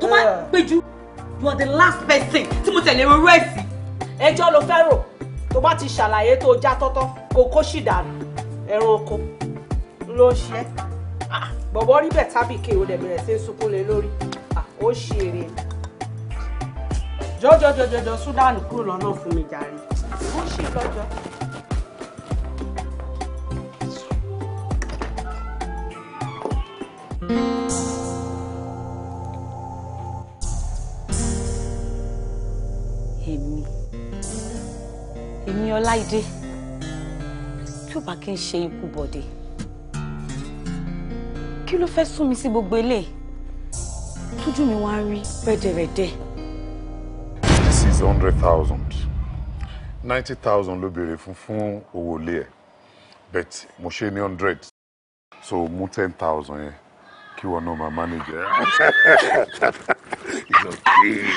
tó máa péjú you are the last person tí mo tẹ̀lé rẹ rẹ̀ sí. ẹjọ́ ló fẹ́ rò tó bá ti ṣàlàyé tó já tọ́tọ́ kò kó ṣì dànù ẹranko ló ń ṣe ah, bọ̀bọ̀ rí bẹ̀ tábìkì o dẹ̀ bẹ̀rẹ̀ sí í sunkún lé lórí ah, ó ṣe jọjọjọjọjọ sudan kúrò lọ́nà fún mi jàre ó ṣe lọ́jọ́. èmi èmi ọláìdé tí ò bá kí n ṣe ikú bọ̀dé kí ló fẹ́ sún mi sí gbogbo eléyìí tójú mi wá ń rí rẹ́dẹ̀rẹ́dẹ̀. this is hundred thousand ninety thousand ló béèrè fún fún owó ilé ẹ̀ bet mo ṣe ní hundred so mú ten thousand yẹn kí wọn náà máa manage ẹ. [LAUGHS] it's okay. [LAUGHS]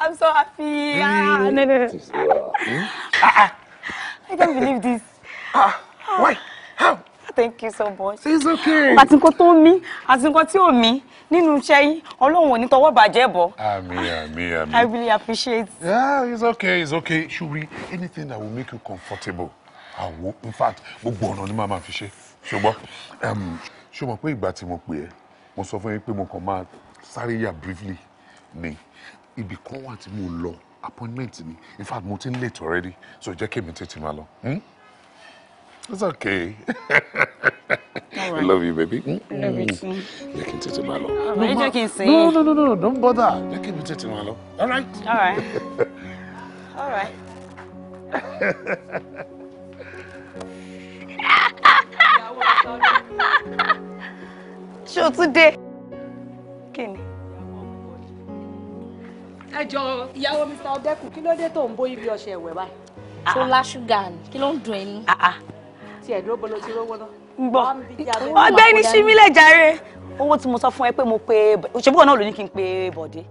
I'm so happy. Ah, no, no, no. I can't believe this. [LAUGHS] Ah, why? How? Thank you so much. It's okay. Àti nǹkan tó mí, àti nǹkan tí ò mí nínú iṣẹ́ yín, Ọlọ́run ò ní tọwọ́ bàjẹ́ bọ̀. Àmín àmín I really appreciate. Yeah, it's okay, it's okay. Shuri, anything that will make you comfortable, àwo in fact gbogbo ọ̀nà ni ma máa fi um, Ṣùgbọ́n ṣùgbọ́n pé ìgbà tí mo pè ẹ́, mo sọ fún yín pé mo kàn máa sáré yà briefly ni ibì kan wà tí mo lo appointment ni in fact mo ti ń late already so jẹ́ kémi tètè máa lọ. Hmm? it's okay. All right. [LAUGHS] I love you baby. Hmm? love you too. Hmm. jẹ́ kí n tètè máa lọ. ọ̀rọ̀ ẹ jẹ́ kí no no no no don't bother jẹ́ kémi tètè máa lọ. all right. all right. [LAUGHS] all right. [LAUGHS] ṣé o tún dé kí ni ẹ jọ ìyàwó Mr. Odekun kí ló dé tó ń bó ibi ọṣẹ ìwẹ̀ báyìí. tó lá ṣúgà ni kí ló ń dùn ẹni. Ah, ah. tiẹ̀ ló bolo ti rówó náà. ń bọ̀ ọgbẹ́ni símílẹ̀ jàre owó tí mo sọ fún ẹ pé mo pe òṣèbúkọ náà ló ní kí n pe bọ̀dé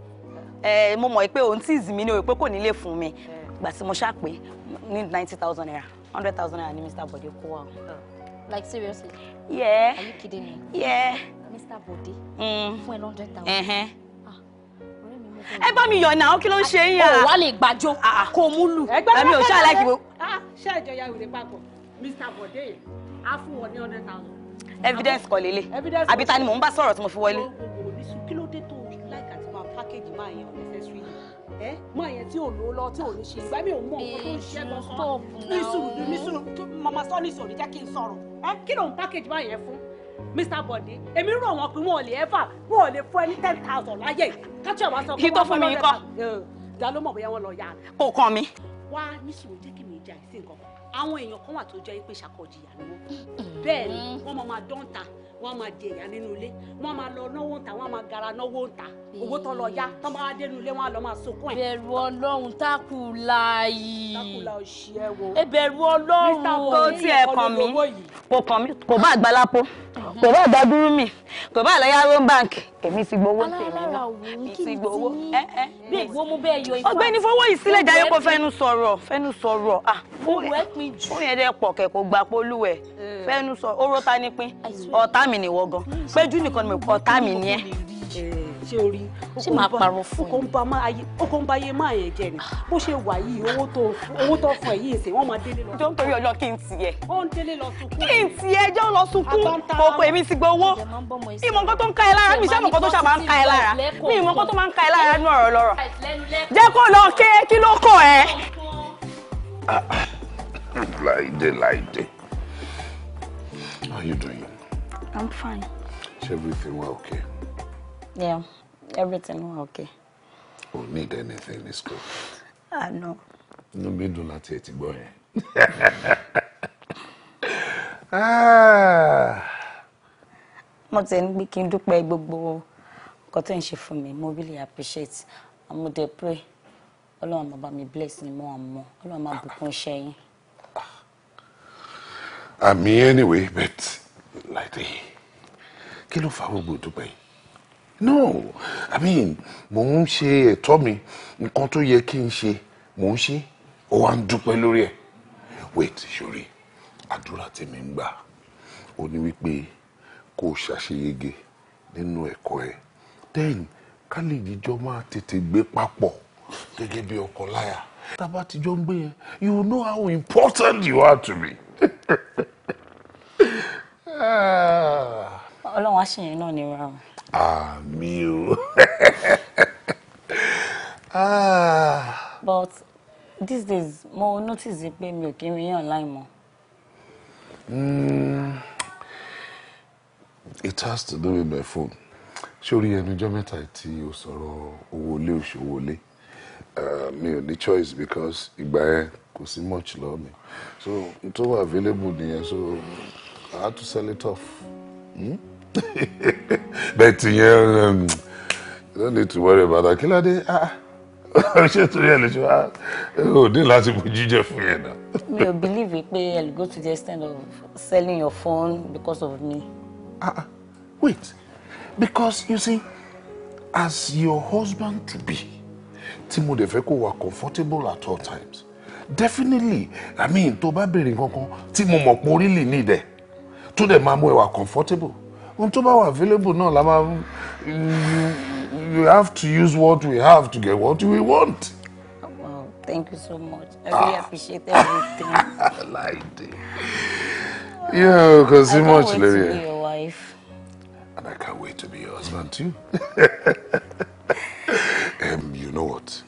mo mọ̀ pé òun tí ìzì ni òye pé kò ní fún mi gbà tí mo ṣàpè ní ninety thousand naira hundred thousand naira ni Mr. Bọ̀dé kó wa. like seriously. yeah. are you kidding me. yeah. Mr. Bọ̀dé. Mm. fún ẹ hundred thousand ẹ bá mi yọ̀ náà kí ló ń ṣe yín. o wà lè gbàjọ ah, ah. kó mú lù ẹ̀mí ò ṣáà láìkí. Ah, ṣé ẹjọ ya wèrè papọ̀ Mr. Bode á fún wọn ní hundred thousand. evidence kọ lélẹ̀ àbí ta ni mò ń bá sọ̀rọ̀ tí mo fi wọlé. kí ló dé tó láìka tí máa pákéjì máa yan necessary ẹ mọ àyẹn tí ò lówó lọ tí ò ní ṣe ìgbà mi ò mọ nǹkan tó ń ṣe gan-an eh, ní sùúrù ní mama sọ ní sùúrù jẹ́ kí n sọ̀rọ̀ kí ló ń pákéjì máa yẹn fún. Mr. Bọ̀dé èmi rọ̀ wọ́n pé wọ́n ò lè ẹ́fà wọ́n ò lè fún ẹni ten thousand láyè kájọ àwọn sọ pé wọ́n fún mi kọ́. ìdá ló mọ̀ bóyá wọ́n lọ yá a. kò kàn mí. wá nísìnyí jẹ́ kí mi jẹ àìsí nǹkan àwọn èèyàn kan wà tó jẹ́ pé ṣàkọjìyà ni wọ́n bẹ́ẹ̀ ni mm-hmm. wọ́n máa máa dán ta wọ́n máa di ẹ̀yà nínú ilé wọ́n máa lọ náwó ń ta wọ́n máa gara náwó ń ta owó tó lọ yá tó máa dé ilé wọ́n lọ máa sunkún ẹ̀. bẹ̀rù ọlọ́run tákùlà yìí tákùlà bẹ̀rù ọlọ́run kò tiẹ̀ kàn mí kò kàn mí kò bá àgbàlápò kò bá àgbàdúrú mi kò bá àlàyé aró báńkì èmi ti gbowó tèmi náà mi ti gbowó ẹ ẹ eh, eh. mú bẹ́ẹ̀ yọ ifá ọ̀gbẹ́ni fọwọ́ ìsílẹ̀ jayé kó fẹ́nu sọ̀rọ̀ fẹ́nu sọ̀rọ̀ ah fún yẹn dẹ pọ̀ kẹ̀ kó gbà polú ẹ̀ mm. fẹ́nu sọ̀rọ̀ pín ọ̀tá mi nìwọ gan péjú nìkan ni mo mi ni ẹ ṣé orí ṣé máa parọ́ fún yín okò ń ba ayé máa yẹn jẹ ni ah. bó ṣe wà yìí owó tó owó tó fún ẹ yìí ṣe wọ́n máa délé lọ. tó ń torí ọlọ kí n tiẹ̀. ó kí n tiẹ̀ jẹ́ ó lọ sunkún òkò èmi ti gbowó ìmọ̀ nǹkan tó ń ka ẹ lára mi ṣé nǹkan tó ṣà ń ka ẹ lára mi ìmọ̀ nǹkan tó máa ń ka ẹ lára nínú ọ̀rọ̀ lọ́rọ̀ jẹ́ kó lọ ké kí ló kọ̀ ẹ́. Láìdé Láìdé. How you doing? I'm fine. Is everything well okay? Yeah everything was okay. o need anything in I know. Ah, no. inú do not láti ẹ̀ ti gbọ́ yẹn. [LAUGHS] mo ti ń gbé kí n dúpẹ́ gbogbo nǹkan tó ń ṣe fún mi mo really appreciate and mo dey pray ọlọ́run máa bá mi bless ni mo àmọ́ ọlọ́run máa bùkún iṣẹ́ yín. àmì anyway but like láìpẹ́ kí ló fa gbogbo dúpẹ́ yìí no i mean mò ń ṣe ẹ̀tọ́ mi nǹkan tó yẹ kí n ṣe mò ń ṣe ó wá ń dúpẹ́ lórí ẹ̀ wait sori àdúrà tèmi ń gbà ó ní wípé kó o ṣàṣeyege nínú ẹ̀kọ́ ẹ̀ then ká lè jíjọ máa tètè gbé papọ̀ gẹ́gẹ́ bí ọkọ láya tá a bá tijọ́ ń gbé yẹn you know how important you are to me. [LAUGHS] ọlọ́run á ṣèyàn náà ní ra o. Ah, àmì [LAUGHS] Ah. but these days mo notice pé mi ò kí ń rí yàn láì hmm. it has to do with my phone ṣé orí ẹnu ọjọ́ mẹ́ta tí o sọ̀rọ̀ owó ilé oṣù owó ilé eh, mi ò ní choice because ìgbà yẹn kò sí much lọ mi so n tó wà available nìyẹn so I had to sell it off. Hmm? But yeah, yẹn um, don't need to worry about that kí ló dé ah, ah. [LAUGHS] ṣé torí ẹ lè ṣe wá o ní láti mú jíjẹ believe pé ẹ lè go to the extent of selling your phone because of me. ah uh, wait because you see as your husband to be tí mo dẹ̀ comfortable at all times definitely i mean toba bá béèrè nǹkan kan tí mo mọ̀ pé comfortable ohun tó bá wà available náà la máa you have to use what we have to get what we want. Wow, thank you so much. I really ah. appreciate everything. Láìdé. Yo, kò sí much lórí ẹ. I can't to be your wife. And I can't wait to be your husband too. [LAUGHS] um, you know what?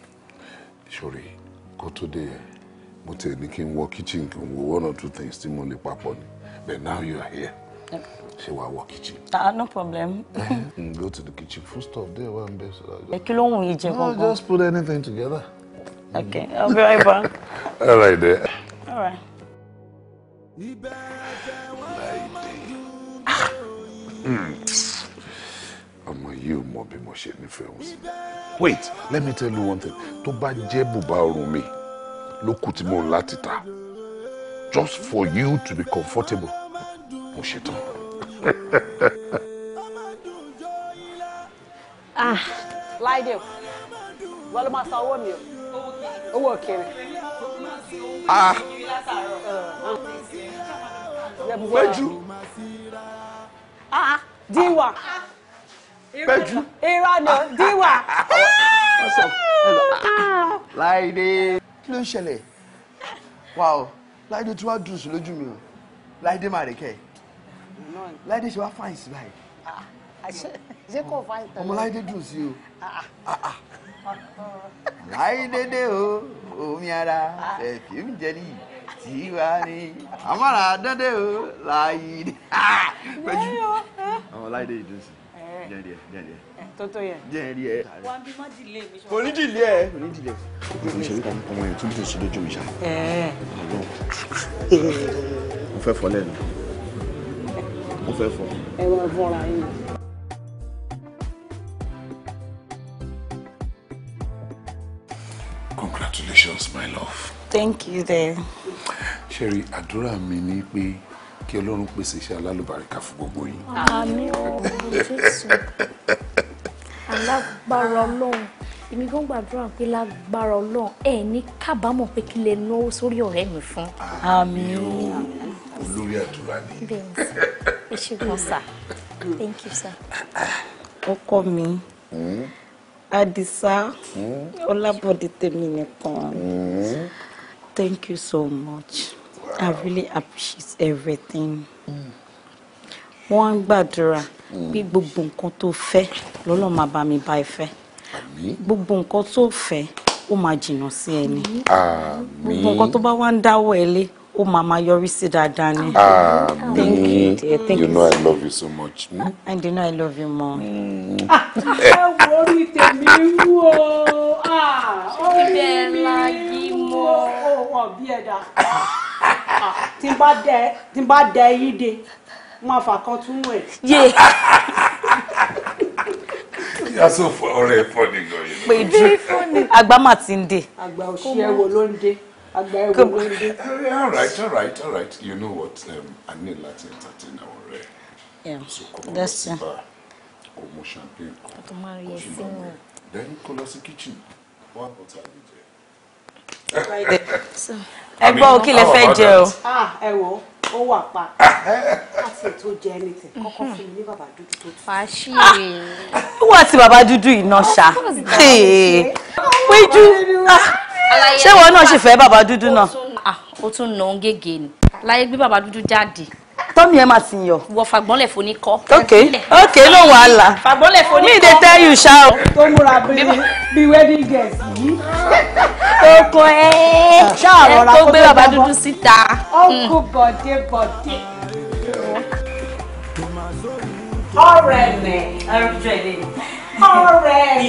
Sorry, go tó dé yẹn, mo kitchen kí n wo one or two things tí mo lè papọ̀ But now you are here ṣe wàá wọ kitchen. ah no problem. go to the kitchen food stuff there wà ń bẹ sọ. Eh, kí ló ń wùn yìí jẹ no just put anything together. okay i'll be right back. all right there. all right. Hmm. ọmọ yìí ò mọ bí mo ṣe nífẹ̀ẹ́ òun sí. wait let me tell you one thing tó bá jẹ́ bùbá ọrùn mi ló kù tí mo ń láti ta just for you to be comfortable mo ṣetán. [LAUGHS] Ah, láìdè wọ́n ló máa san owó mi o owó òkèèrè. Ah. péjú. Ah, díwà. péjú. ìrànà díwà. [LAUGHS] láìdè kí ló ń ṣẹlẹ̀ wàá láìdè tí wàá dùn sí lójú mi o láìdè màrìkẹ́ yìí láìdé ṣe wá fáìn sí báyìí. Ah, ah, ṣé kò fáìn tán. ọmọ láìdé dùn sí o. Ah, láìdédé o omi ara ẹ̀fí ń jẹ ní tiwa ni àmàrà dédé o láìdé. ọmọ láìdé dùn sí eh. jẹ́ díẹ̀ jẹ́ díẹ̀ tótó eh, yẹn. jẹ́ rí ẹ. wà á bí má dìlé mi. kò ní dìlé ẹ. kò ní dìlé. mo ṣe rí kan ọmọ yẹn tún tún sí lójú mi ṣá. ọlọ́run eh. mo fẹ́ fọ́ lẹ́nu mo fẹ́ fọ. ẹ wá fúnra congratulations my love. thank you there. sherry adora mi ni pé kí ọlọ́run pèsè iṣẹ́ alálùbáríkà fún gbogbo yín. àmín o jésù [LAUGHS] alágbára ọlọ́run èmi gan gbàdúrà pé lágbára ọlọ́run ẹ ní kábàámọ̀ pé kí lè náwó sórí ọ̀rẹ́ mi fún. àmín o olórí àdúrà ni. ẹ ṣe gan sà thank you sir. ọkọ mi hmm? Adisa hmm? Ọlábọ̀dé tèmi nìkan hmm? thank you so much I really appreciate everything. Mm wọ́n á gbàdúrà bí gbogbo nǹkan tó fẹ́ lọ́lọ́run máa bá mi bá ẹ fẹ́ gbogbo nǹkan tó fẹ́ ó máa jìnnà sí ẹni gbogbo nǹkan tó bá wá ń dáwọ́ ẹ lé ó máa máa yọrí sí dáadáa ni. àmín you know i love you so much. Mm? and know i love you more. Hmm. Ah! [LAUGHS] [LAUGHS] ẹ wo orí tèmi wú o ah! orí mi wú o wọn bí ah! tí n bá dẹ yí de wọn fà kan túnú ẹ that's so fun funny gan yìí. pé dé funny. àgbà mà ti ń dé. àgbà òṣìṣẹ́ wo ló ń dé àgbà ẹ̀wò ló ń dé. Eh, eh, all right all right all right you know what um, i need láti entertain àwọn Yeah. so kò mọ̀ lọ sí champagne kan kò sì mọ̀ then kò lọ sí kitchen wá bọ́tà lè jẹ. ẹ gbọ́ òkè lè fẹ́ jẹ o. Ah, ẹ wò ó wà pa láti ètò jẹ anything kọ́kọ́ fún mi ní bàbá dúdú tó tù. fàṣírí. ìwọ àti bàbá dúdú iná ṣá péjú ṣé wọn náà ṣì fẹ́ bàbá dúdú náà. Ah, ó tún nà ń gègé ni láyé gbé bàbá dúdú jáde tọ́mì ẹ̀ máa sìn yọ. wọ fagbọ́nlẹ̀ foni kọ́. ok ok no walla. fagbọ́nlẹ̀ foni kọ́. mi dey tell you ṣá Don't tó múra bíi wedding guest Okay. tó kọ ẹ ṣáà rọra kó gbé bàbá dúdú síta. ọkọ bọ̀dé bọ̀dé. ọ̀rẹ́ mi ọ̀rẹ́ mi ọ̀rẹ́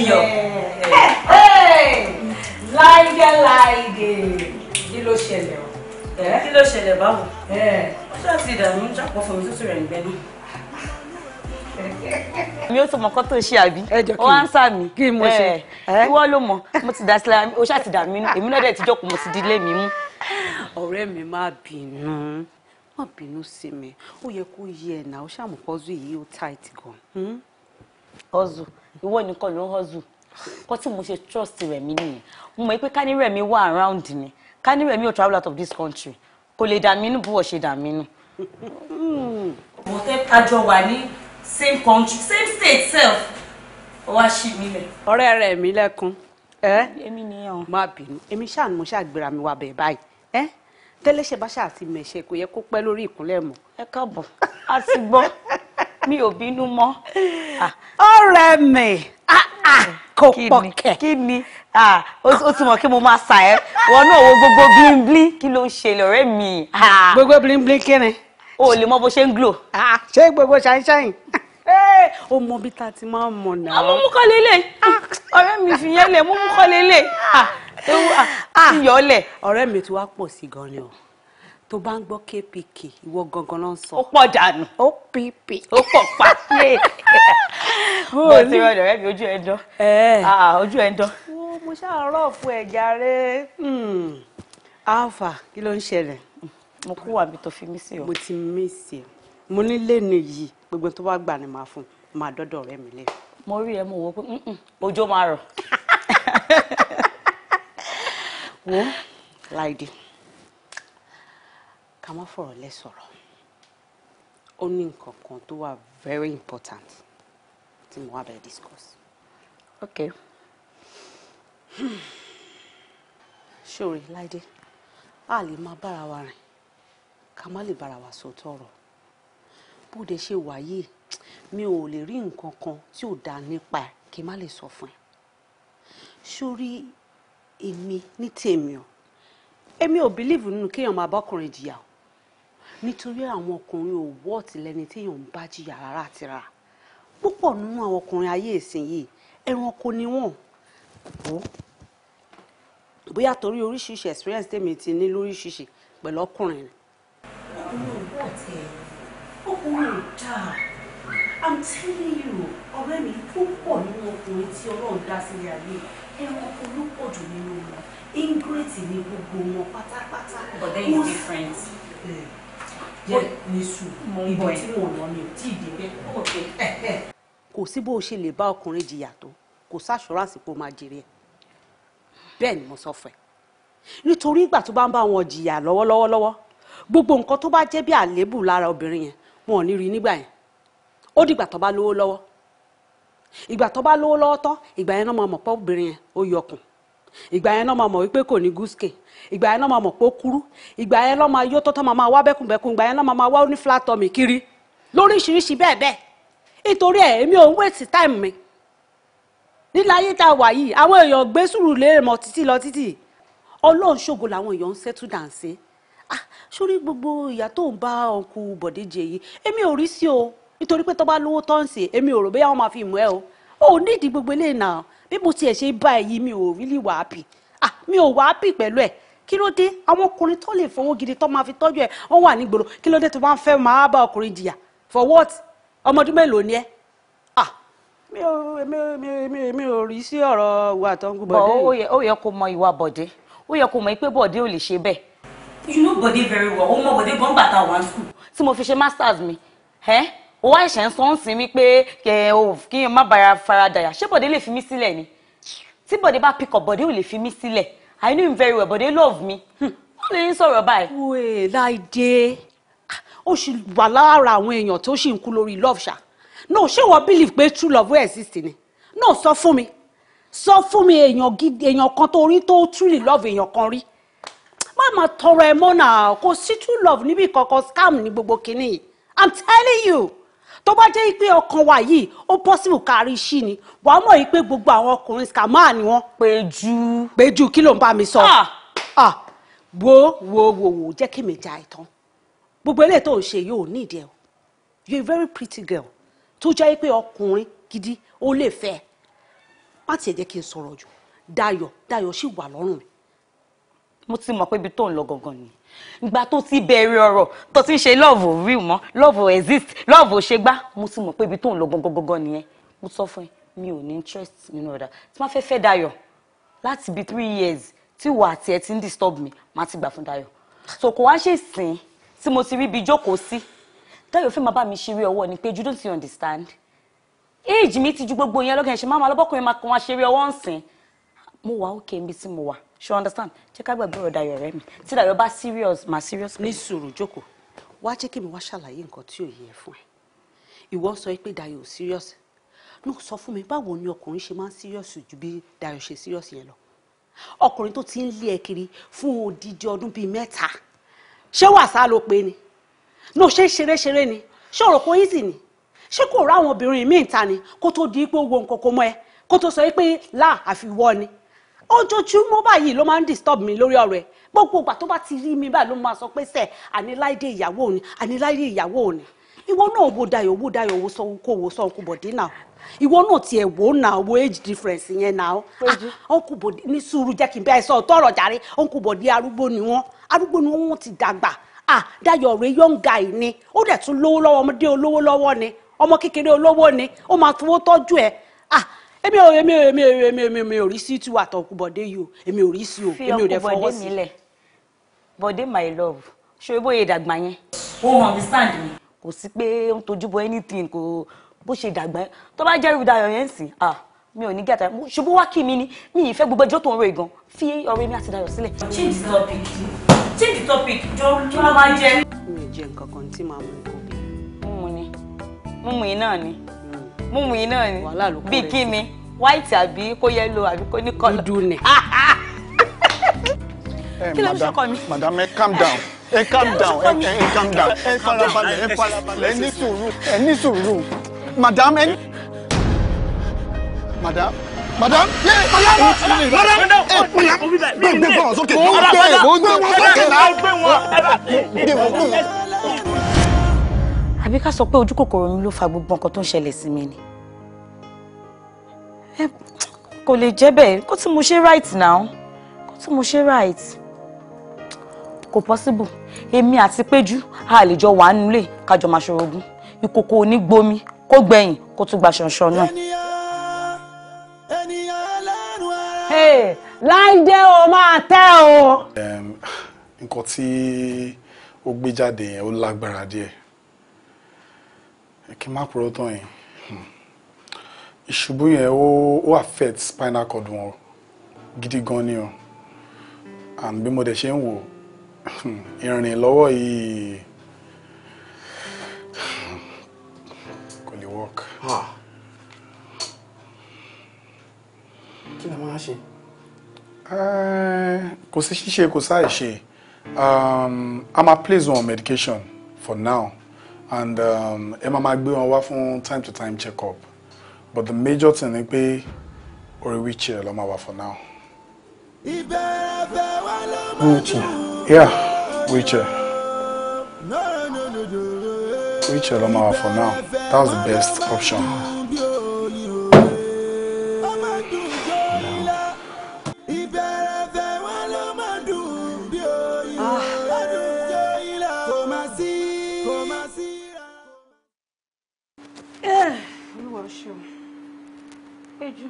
mi láìdé láìdé kí ló ṣẹlẹ̀ o kí ló ṣẹlẹ̀ báwo ó ṣáàtì ìdààmú jápọ̀ fún mi tó ti rẹ̀ ń gbẹ́nu. mi ò sọ mọ kọ́tò ṣe àbí ó wá ń sà mí kí mo ṣe ìwọ ló mọ mo ti dá sílára ó ṣáàtì dàmí nù èmi náà dẹ̀ ti jókòó mo ti di ilé mi mú. ọ̀rẹ́ mi má bínú má bínú sí mi ó yẹ kó yẹ ẹ̀ náà ó ṣàmù pọ́zù yìí ó tight gan. ọ̀zù hmm? ìwọ nìkan ló ń ọ̀zù kọ́ tí mo ṣe trust rẹ̀ mí nìyẹn mo mọ̀ pé ká ní rẹ̀ mi wà around ni kánìwẹ̀ mi ò travel out of this country kò lè dàmínú búwọ̀ ṣe dàmínú. mo fẹ́ kájọ wà ní same country same state self ó wá ṣì mí lẹ̀. ọ̀rẹ́ rẹ̀ mi lẹ́kún ẹ́ èmi nìyẹn. má bínú èmi ṣáà ni mo ṣáà gbéra mi wá bẹ̀ báyìí ẹ́ tẹ́lẹ́ṣẹ̀ bá ṣáà kò yẹ kó pẹ́ lórí ìkúnlẹ̀ mọ́. ẹ káàbọ̀ a ti gbọ́. [LAUGHS] mi ò bínú mọ́. Ah. ọ̀rẹ́ mi ah, ah. kò pọ̀kẹ́ kí ni ó ti mọ̀ kí mo máa sà ẹ́ wọn náà wo gbogbo bling-bling kí ló ń ṣe lọ́rẹ́ mi. gbogbo bling-bling kí ni. o ò lè mọ bó ṣe ń glo. ṣé gbogbo ṣàìṣàì eh. o mọ bí ta ti máa ń mọ náà. àmọ́ mú kọ́ lélẹ̀ ọ̀rẹ́ mi fi yẹn lẹ̀ mú mú kọ́ lélẹ̀ ewu àti yọ̀ọ́lẹ̀. ọ̀rẹ́ mi ti wá pọ̀ sí gan ni o tó bá ń gbọ́ kpk ìwọ gangan ló ń sọ. ó pọ̀ dànù. ó pp. ó pọ̀ pa. bó o ti rọrùn ọ̀rẹ́ mi ojú ẹ̀ dán. ojú ẹ̀ dán. mo ṣàárọ̀ fún ẹ̀já rẹ. Hmm. alpha kí ló ń ṣẹlẹ̀. mo kú wàmí tó fi mí sí o. mo ti mí sí i mo ní lẹ́nu yìí gbogbo tó bá gbà ni màá fún un màá dọ́dọ̀ ọ̀rẹ́ mi lẹ́nu. mo rí ẹ mo wò ó pé òjò máa rọ̀. [LAUGHS] wo láìdí ká má fọ̀rọ̀ lẹ̀ sọ̀rọ̀ ó ní nǹkan kan tó wà very important tí mo wá bẹ̀ discuss. ok ṣòro láìdé a lè máa bára wa rìn ká má lè bára wa sòótọ́ ọ̀rọ̀ bó de ṣe wà yìí mi ò lè rí nǹkan kan tí ò dáa nípa ẹ kí n má lè sọ fún ẹ sórí èmi ní tèmi o èmi ò bìlíìfù nínú kéèyàn máa bọ́kùnrin jìyà o nítorí àwọn ọkùnrin ò wọ́ọ̀tì lẹ́ni téèyàn ń bá jìyà rárá àti rárá púpọ̀ nínú àwọn ọkùnrin ayé ìsìn ẹranko ni wọ́n bóyá torí oríṣiríṣi experience tèmi ti ní lóríṣiríṣi pẹ̀lú ọkùnrin. ọkùnrin ò bọ̀ ọkùnrin ò dáa i'm telling you ọ̀rẹ́ mi púpọ̀ nínú ọkùnrin tí ọlọ́run dá sílé ayé ẹranko ló pọ̀ jù nínú wọn ingrate ni gbogbo wọn pátápátá. but then you're different. Yeah jẹ́ ní sùúrù ibi tí mò ń lọ ni ò tí ì dé bẹ́ẹ̀. kò sí bó o ṣe lè bá ọkùnrin jìyà tó kò sáṣọ́ránsì pé o máa jèrè ẹ̀ bẹ́ẹ̀ ni mo sọ fún ẹ nítorí ìgbà tó bá ń bá wọn jìyà lọ́wọ́lọ́wọ́ gbogbo nǹkan tó bá jẹ́ bí àléébù lára obìnrin yẹn wọn ò ní rí nígbà yẹn ó dìgbà tó bá lówó lọ́wọ́ ìgbà tó bá lówó lọ́wọ́ tán ìgbà yẹn náà máa mọ̀ pé obìnrin yẹn ó yọkùn ìgbà yẹn náà máa mọ̀ wípé kò ní gúúsùkè ìgbà yẹn náà máa mọ̀ pé ó kúrú ìgbà yẹn náà máa yó tó tán máa máa wá bẹ́kùnbẹ́kùn ìgbà yẹn náà máa máa wá ní flat tummy kiri lóríṣiríṣi bẹ́ẹ̀ bẹ́ẹ̀ nítorí ẹ̀ èmi ò ń wéètì táìmù mi nílẹ̀ ayé tá a wà yìí àwọn èèyàn gbé sùúrù lérè e mọ́ títí lọ títí ọlọ́run ṣògo làwọn èèyàn ń sẹ́tù dànsé ah sórí gbogbo ìyá tó ń bá ọkùn bọ̀déjì yìí èmi ò rí sí o nítorí pé tó bá lówó tọ́ǹsì èmi ò rò bóyá wọ́n máa fi mú ẹ o ò nídìí gbogbo eléyìí náà bí mo tiẹ̀ ṣe bá èyí mi ò rí lè wà bì ah mi ò wà á bì pẹ̀lú ẹ̀ kí ló dé àwọn ọkùnrin tó lè fowó gidi tó máa fi tọ́jú ẹ̀ wọ́n wà nígboro kí ló dé tó máa ń fẹ́ máa bá ọkùnrin jìyà for what ọmọdún mélòó ni ẹ́ ah mi ò mi ò mi ò mi ò rí sí ọ̀rọ̀ ìwà àtọ́ngù bọ̀dé. bọ̀ ó yẹ kó mọ ìwà bọ̀dé ó yẹ kó mọ pé bọ̀dé ò lè ṣe bẹ́ẹ̀. you know bọ̀dé very well ó mọ bọ̀dé gbọ́ngbà tá a wà ní school. tí mo fi ṣe masters mi. Eh? ó wá ẹ̀ṣẹ̀ ń sọ ń sìn wípé kí n má bàa faradàyà ṣé bọ̀dé lè fi mí sílẹ̀ ni tí bọ̀dé bá pick up bọ̀dé ò lè fi mí sílẹ̀ i know him very well bọ̀dé love me hmm. wọ́n lè ń sọ̀rọ̀ báyìí. wèé láìdé ah, ó sì wà lára àwọn èèyàn tó sì ń kú lórí love ṣá no ṣé wọ́n believe pé true love wey exist ni no sọ fún mi sọ fún mi èèyàn gidi èèyàn kan tó rí tó truly love èèyàn kan rí má má tọrọ ẹ mọ́ kò sí true love níbi kankan scam ní gbogbo kìíní i'm telling you tó bá jẹ́ pé ọkàn wa yìí ó possible kárí sí ni wàá mọ̀ yìí pé gbogbo àwọn ọkùnrin scammer ni wọ́n. péjú. péjú kí ló ń bá mi sọ. Ah! Ah! wo wo wo wo jẹ́ kí mi ja ìtàn gbogbo eléyìí tó ń ṣe yóò ní ìdí ẹ̀ you are a very pretty girl tó jẹ́ pé ọkùnrin gidi ó lè fẹ́ má tiẹ̀ jẹ́ kí n sọ̀rọ̀ jù dayo, Dayọ̀ sì wà lọ́rùn mi. mo ti mọ̀ pé ibi tó ń lọ gangan ni ìgbà tó ti bẹ̀rẹ̀ ọ̀rọ̀ tó ti ń ṣe love real mọ́ love exist love ṣe gbá mo ti mọ̀ pé ibi tó ń lọ gangan nìyẹn mo sọ fún ẹ mi ò ní interest nínú ọ̀dà tí wọ́n fẹ́ fẹ́ Dayọ̀ láti bíi three years tí ìwà àti ẹ̀ ti ń disturb mi màá ti gbà fún Dayọ̀ so kò wá ṣe sìn tí mo ti rí ibi jókòó sí Dayọ̀ fẹ́ máa bá mi ṣeré ọwọ́ ni pé you don't understand age mi ti ju gbogbo yẹn lọ́kàn ẹ̀ ṣe máa máa lọ́bọ̀kùnrin máa kàn wá ṣeré mo wà òkè mi tí mo wà ṣe understand ṣé ká gbàgbé ọ̀dà ìrọ̀rẹ́ mi tí dàyọ̀ bá serious mà serious. ní sùúrù jókòó wá jẹ́ kí mi wá ṣàlàyé nǹkan tí ò yẹ fún ẹ ìwọ sọ pé dayọ̀ serious náà sọ fún mi báwo ni ọkùnrin ṣe máa ń serious ju bí dayọ̀ ṣe serious yẹn lọ ọkùnrin tó ti ń lé ẹ kiri fún odidi ọdún bíi mẹ́ta ṣé wàsá ló pe ni náà ṣé ṣeréṣeré ni ṣé òròkó yìí sì ni ṣé kò rá àwọn obìnrin míì ta ni kó tó di pé ó wo nǹkan kó mọ ẹ kó tó sọ pé láà àfiwọ́ ni ojoojúmọ́ báyìí ló máa ń disturb mi lórí ọ̀rọ̀ ẹ̀ gbogbo ìgbà tó bá ti rí mi báyìí ló máa sọ pé sẹ́ àníláìdé ìyàwó òní àníláìdé ìyàwó òní ìwọ náà wo dayọ̀ wo dayọ̀ wo sọ kó wo sọ ọkùnbọ̀dé náà ìwọ náà tiẹ̀ wò náà wo age difference yẹn náà ọkùnbọ̀dé ah, ní sùúrù jẹ́ kí n bẹ́ẹ̀ sọ tọrọ jàre ọkùnbọ̀dé arúgbó ni wọ́n arúgbó ni wọ́n ti dàgbà ah dayọ̀ rẹ̀ young guy ni ó dẹ̀ tún lówó lọ́wọ́ ọmọdé olówó lọ́wọ́ ni ọmọ kékeré olówó ni ó máa fowó tọ́jú ẹ̀ ah èmi ò èmi èmi èmi èmi èmi ò rí sí tú àtọkù bọ̀dé yìí o èmi ò rí sí o èmi ò dẹ fọwọ́ sí. fi ọkọ bọ̀dé mi lẹ̀ bọ̀dé my love ṣé bóyá ìdàgbà yẹn. o mọ̀ mi stand mi. kò sí pé ó ń tojú bọ anything kò bó ṣe dàgbà yẹn tó bá jẹ́ irú dayọ̀ yẹn sìn ah mi ò ní gàtà ṣubú wá kí mi ni mi ì fẹ́ gbogbo ẹjọ́ tó ń ro ìgan fi ọ̀rẹ́ mi àti dayọ̀ sílẹ̀. change the topic change the topic jọ kí ló máa jẹ. mi ò jẹ nǹkan kan tí màá mú kó bí múmu yìí náà ni bí kí ni white àbí kó yellow àbí kó ní kọlọ. dúdú ni. [LAUGHS] Eh, kí ló ń ṣọkọ mi. madam ẹ calm down ẹ calm down ẹ calm down [LAUGHS] ẹ farabalẹ̀ ẹ farabalẹ̀ ẹ ní sùúrù ẹ ní sùúrù madam ẹ. madam madam, yé madam, madam, ẹ kúnlẹ̀ gbẹgbẹ fún ọ sókè mo ń gbé mo ń gbé wọn sókè náà àbí ká sọ pé ojú kòkòrò mi ló fa gbogbo nǹkan tó ń ṣẹlẹ̀ sí mi ni kò lè jẹ́ bẹ́ẹ̀ kó tí mo ṣe right now kó tí mo ṣe right kò possible èmi àti Péjú a lè jọ wà nílé kájọ máa ṣorogún ìkòkò ò ní gbomi kó gbẹ̀yìn kó tún gba ṣanṣan náà. láńdé o máa tẹ́ o. nǹkan tí ó gbé jáde yẹn ó lágbára díẹ̀ kí n má purọ́ tán yẹn ìṣubú yẹn ó ó affect spinal cord wọn gidi gan ni o and bí mo dẹ̀ ṣe ń wò ìrìn lọ́wọ́ yìí kò lè work. Ah. kí ló máa ṣe. Eh, kò sí ṣíṣe kò sáà ṣe um, a máa place on medication for now and um, ẹ máa máa gbé wọn wá fún time to time check up but the major thing ni pé orí wheelchair ló máa wà for now. wheelchair yeah wheelchair wheelchair ló máa wà for now that's the best option. o ṣeun péjú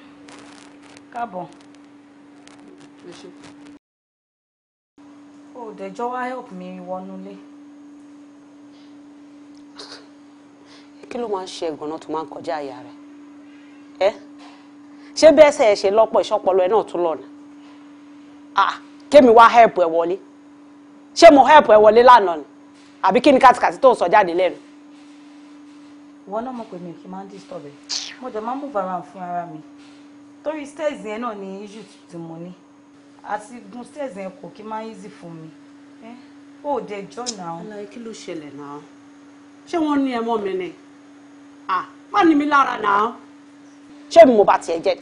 káàbọ̀ o ṣe. o dẹjọ́ wá help mi wọnúlé. kí ló máa ń ṣe ẹ̀gànná tó máa ń kọjá àyà rẹ̀ ẹ́ ṣé bẹ́ẹ̀ ṣe ẹ̀ ṣe lọ́pọ̀ ìṣọ́pọlọ ẹ̀ náà tún lọ́nà ah kémi wá help ẹ wọlé ṣé mo help ẹ wọlé lánàá ni àbí kí ni kàtìkàtì tó ń sọ jáde lẹ́nu ìwọ náà mọ̀ pé mi ò kí máa ń disturb ẹ̀ mo dẹ̀ máa ń move around fún ara mi torí stairs yẹn náà ni issue tí mo ní àti gun stairs yẹn kò kí máa ń easy fún mi ó eh? dẹ̀ jọ́ náà. aláì kí ló ṣẹlẹ̀ náà ṣé wọ́n ní ẹmọ mi ni má ní mi lára náà. ṣé mi mo bá tiẹ̀ jẹ́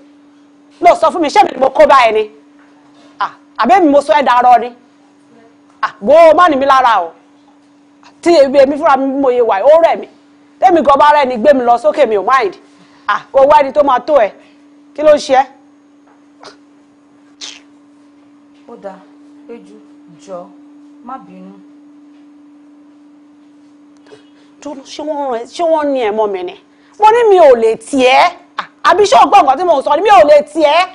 lọ sọ fún mi ṣé mi ni mo kó báyìí ni àbẹ́mi mo sọ ẹ́ darọ ni bó má ní mi lára o tí èmi fúnra mi mo yẹ wà ó rẹ̀ mí tèmi kan bá rẹ ni gbé mi lọ sókè mi ò mind ah kò wá ẹni tó máa tó ẹ kí ló ń ṣe ẹ. ó dáa péjú jọ má bínú. dúró ṣé wọ́n rán ẹ ṣé wọ́n mi ni mo ní mi ò lè tiẹ̀ àbí ṣé o gbọ́ nǹkan tí mo sọ ni mi ò lè tiẹ̀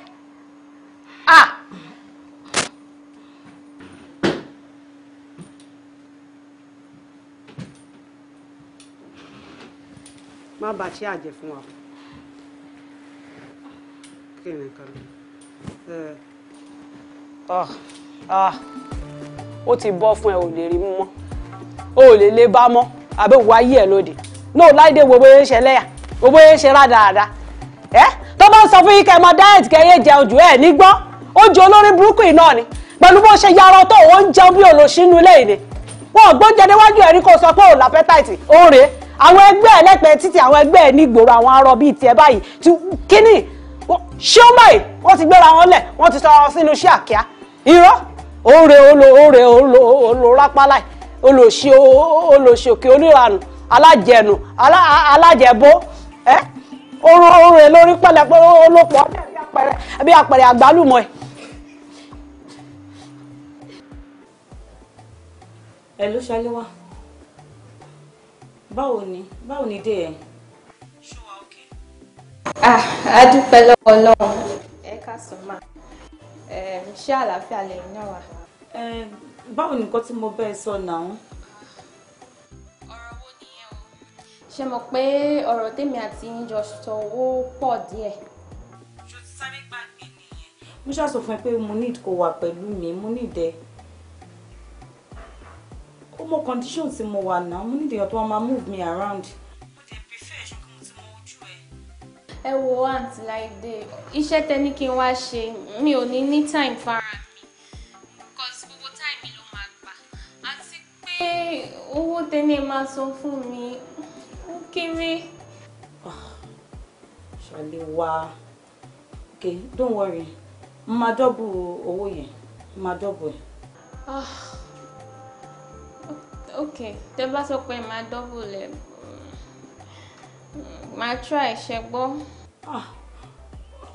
ah. má bàa ṣe àjẹ fún wa kí ni kan ah, ah. ó ti bọ́ fún ẹ ò lè rí mú mọ́ ó lè lè bá mọ́ àbẹ́ òwò ayé ẹ̀ lóde náà láìdé wo bóyá ṣe lẹ́yà wo bóyá ṣe rádaràda ẹ tó bá ń sọ fún yín kẹ́ ẹ máa dáẹ̀tì kẹ́ ẹ yé jẹun jù ẹ̀ nígbọ́ ó jẹ olórí burúkú yìí náà ni pẹ̀lú bó ṣe yarọ tó ò ń jẹun bí olóṣìnú lẹ́yìn ni wọn ò gbóúnjẹ níwájú ẹ̀ rí kó sọ pé òun làpẹ́tàìtì ó rèé àwọn ẹgbẹ́ ẹ̀ lẹ́pẹ́ títí àwọn ẹgbẹ́ ẹ̀ nígboro àwọn arọ bíi tiẹ̀ báyìí ti kíní ṣé ó báyìí wọ́n ti gbéra wọn lẹ̀ wọ́n ti sọra wọn sínú iṣẹ́ àkíá irọ́ òòrè olo òòrè olo olo rápálá olòṣì olòṣì òkè oníranù alájẹnu alájẹbó ẹ òòrè lórí pẹlẹpẹ olópọ bí apẹrẹ àgbálùmọ̀ ẹ. ẹ ló ṣalé wá báwo ni báwo ni dé ẹ. ṣó wa òkè. a dúpẹ́ lọ́wọ́ ọlọ́run ẹ káàsán mà ṣé àlàáfíà lẹ́yìn náà wà. báwo ni nǹkan tí mo bẹ́ẹ̀ sọ náà. ọ̀rọ̀ o. ṣe mọ̀ pé ọ̀rọ̀ tèmi àti yín jọ sọ owó pọ̀ díẹ̀. mo ṣàṣọ fún ẹ pé mo need kó wà pẹ̀lú mi mo need ẹ ó mọ condition tí mo wà náà mo ní ìdèyàn tó máa move me around. mo ẹ wo àǹtí láìdé iṣẹ́ tẹ́ni kí n wá ṣe mi ò ní ní time fara mi because gbogbo time mi ló máa gbà àti pé owó tẹ́ni máa san fún mi ó kéré. Ah, ṣàlè wá okay don't worry mo máa dọ́bù owó yẹn mo máa dọ́bù ẹ̀. Ah ok tẹ́ bá sọ pé máa double ẹ̀ máa try ṣe gbọ́. Ah,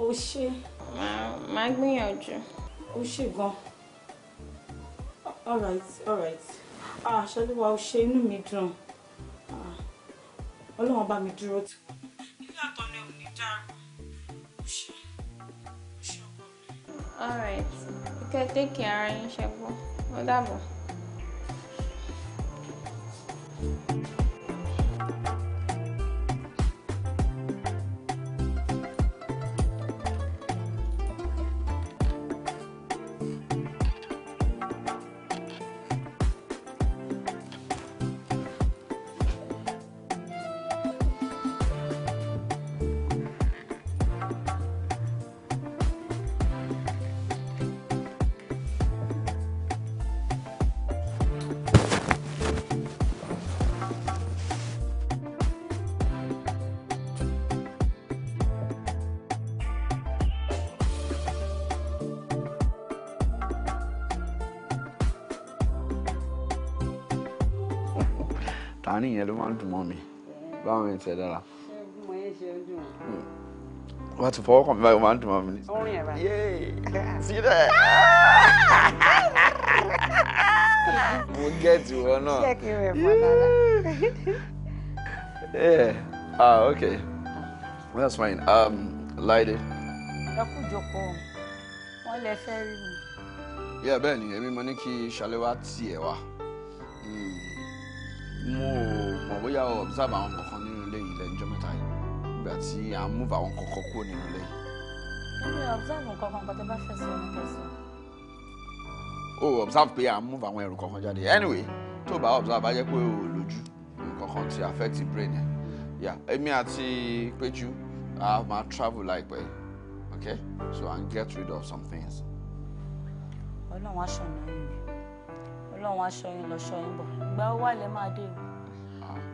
ó ṣe. máa gbìyànjú. ó ṣe gan. alright alright ah, ṣàlùwà ó ṣe inú mi dùn ah, ọlọ́run bá mi dúró tì wọ́n. ilé àtọ̀ ni òun ní dáa. All right. Okay, take care. All right, Ó dàbọ̀. àárín yẹn ló máa ń dùn mọ́ mi báwọn yẹn tiẹ̀ dára. ọmọ yẹn ṣe ojú wọn. wọ́n ti fọwọ́ kàn mí báyìí ó máa ń dùn mi. orin ẹ̀ báyìí. yéé [LAUGHS] sí [LAUGHS] náà. [LAUGHS] ah okay that's fine um, Láìdé. ẹ kú jókòó wọn lè fẹ́ rí mi. yẹ bẹ́ẹ̀ ni èmi mo ní kí ṣàlẹ wá tiẹ̀ wá hmm bóyá o observe àwọn kankan nínú ilé yìí lẹ́yìn jọ́mẹ́ta yìí nígbà tí à ń move àwọn kankan kúrò nínú ilé yìí. observe nǹkan kan tẹ bá o observe pé à ń move àwọn ẹrù kankan jáde anyway tó bá observe á jẹ́ pé o lójú nǹkan kan ti affect brain ẹ̀ yà èmi àti Péjú a máa travel láìpẹ́ okay so I get rid of some things. ọlọ́run aṣọ náà yìí ọlọ́run aṣọ yìí lọ́ṣọ́ yìí bọ̀ ìgbà ó wà lẹ́ máa dé o.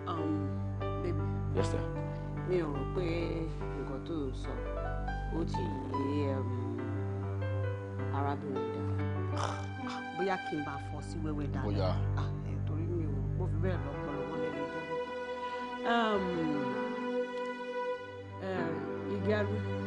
Um, baby. yes sir. mi ò rò pé nǹkan tó ń sọ ó ti yé um, arábìnrin dá bóyá kí n bá fọ́ sí wẹ́wẹ́ dáadáa. bóyá. Ah, torí mi ò mo fi bẹ́ẹ̀ lọ́pọ̀lọ́ wọn lẹ́nu jẹ́ igi um, arúgbó.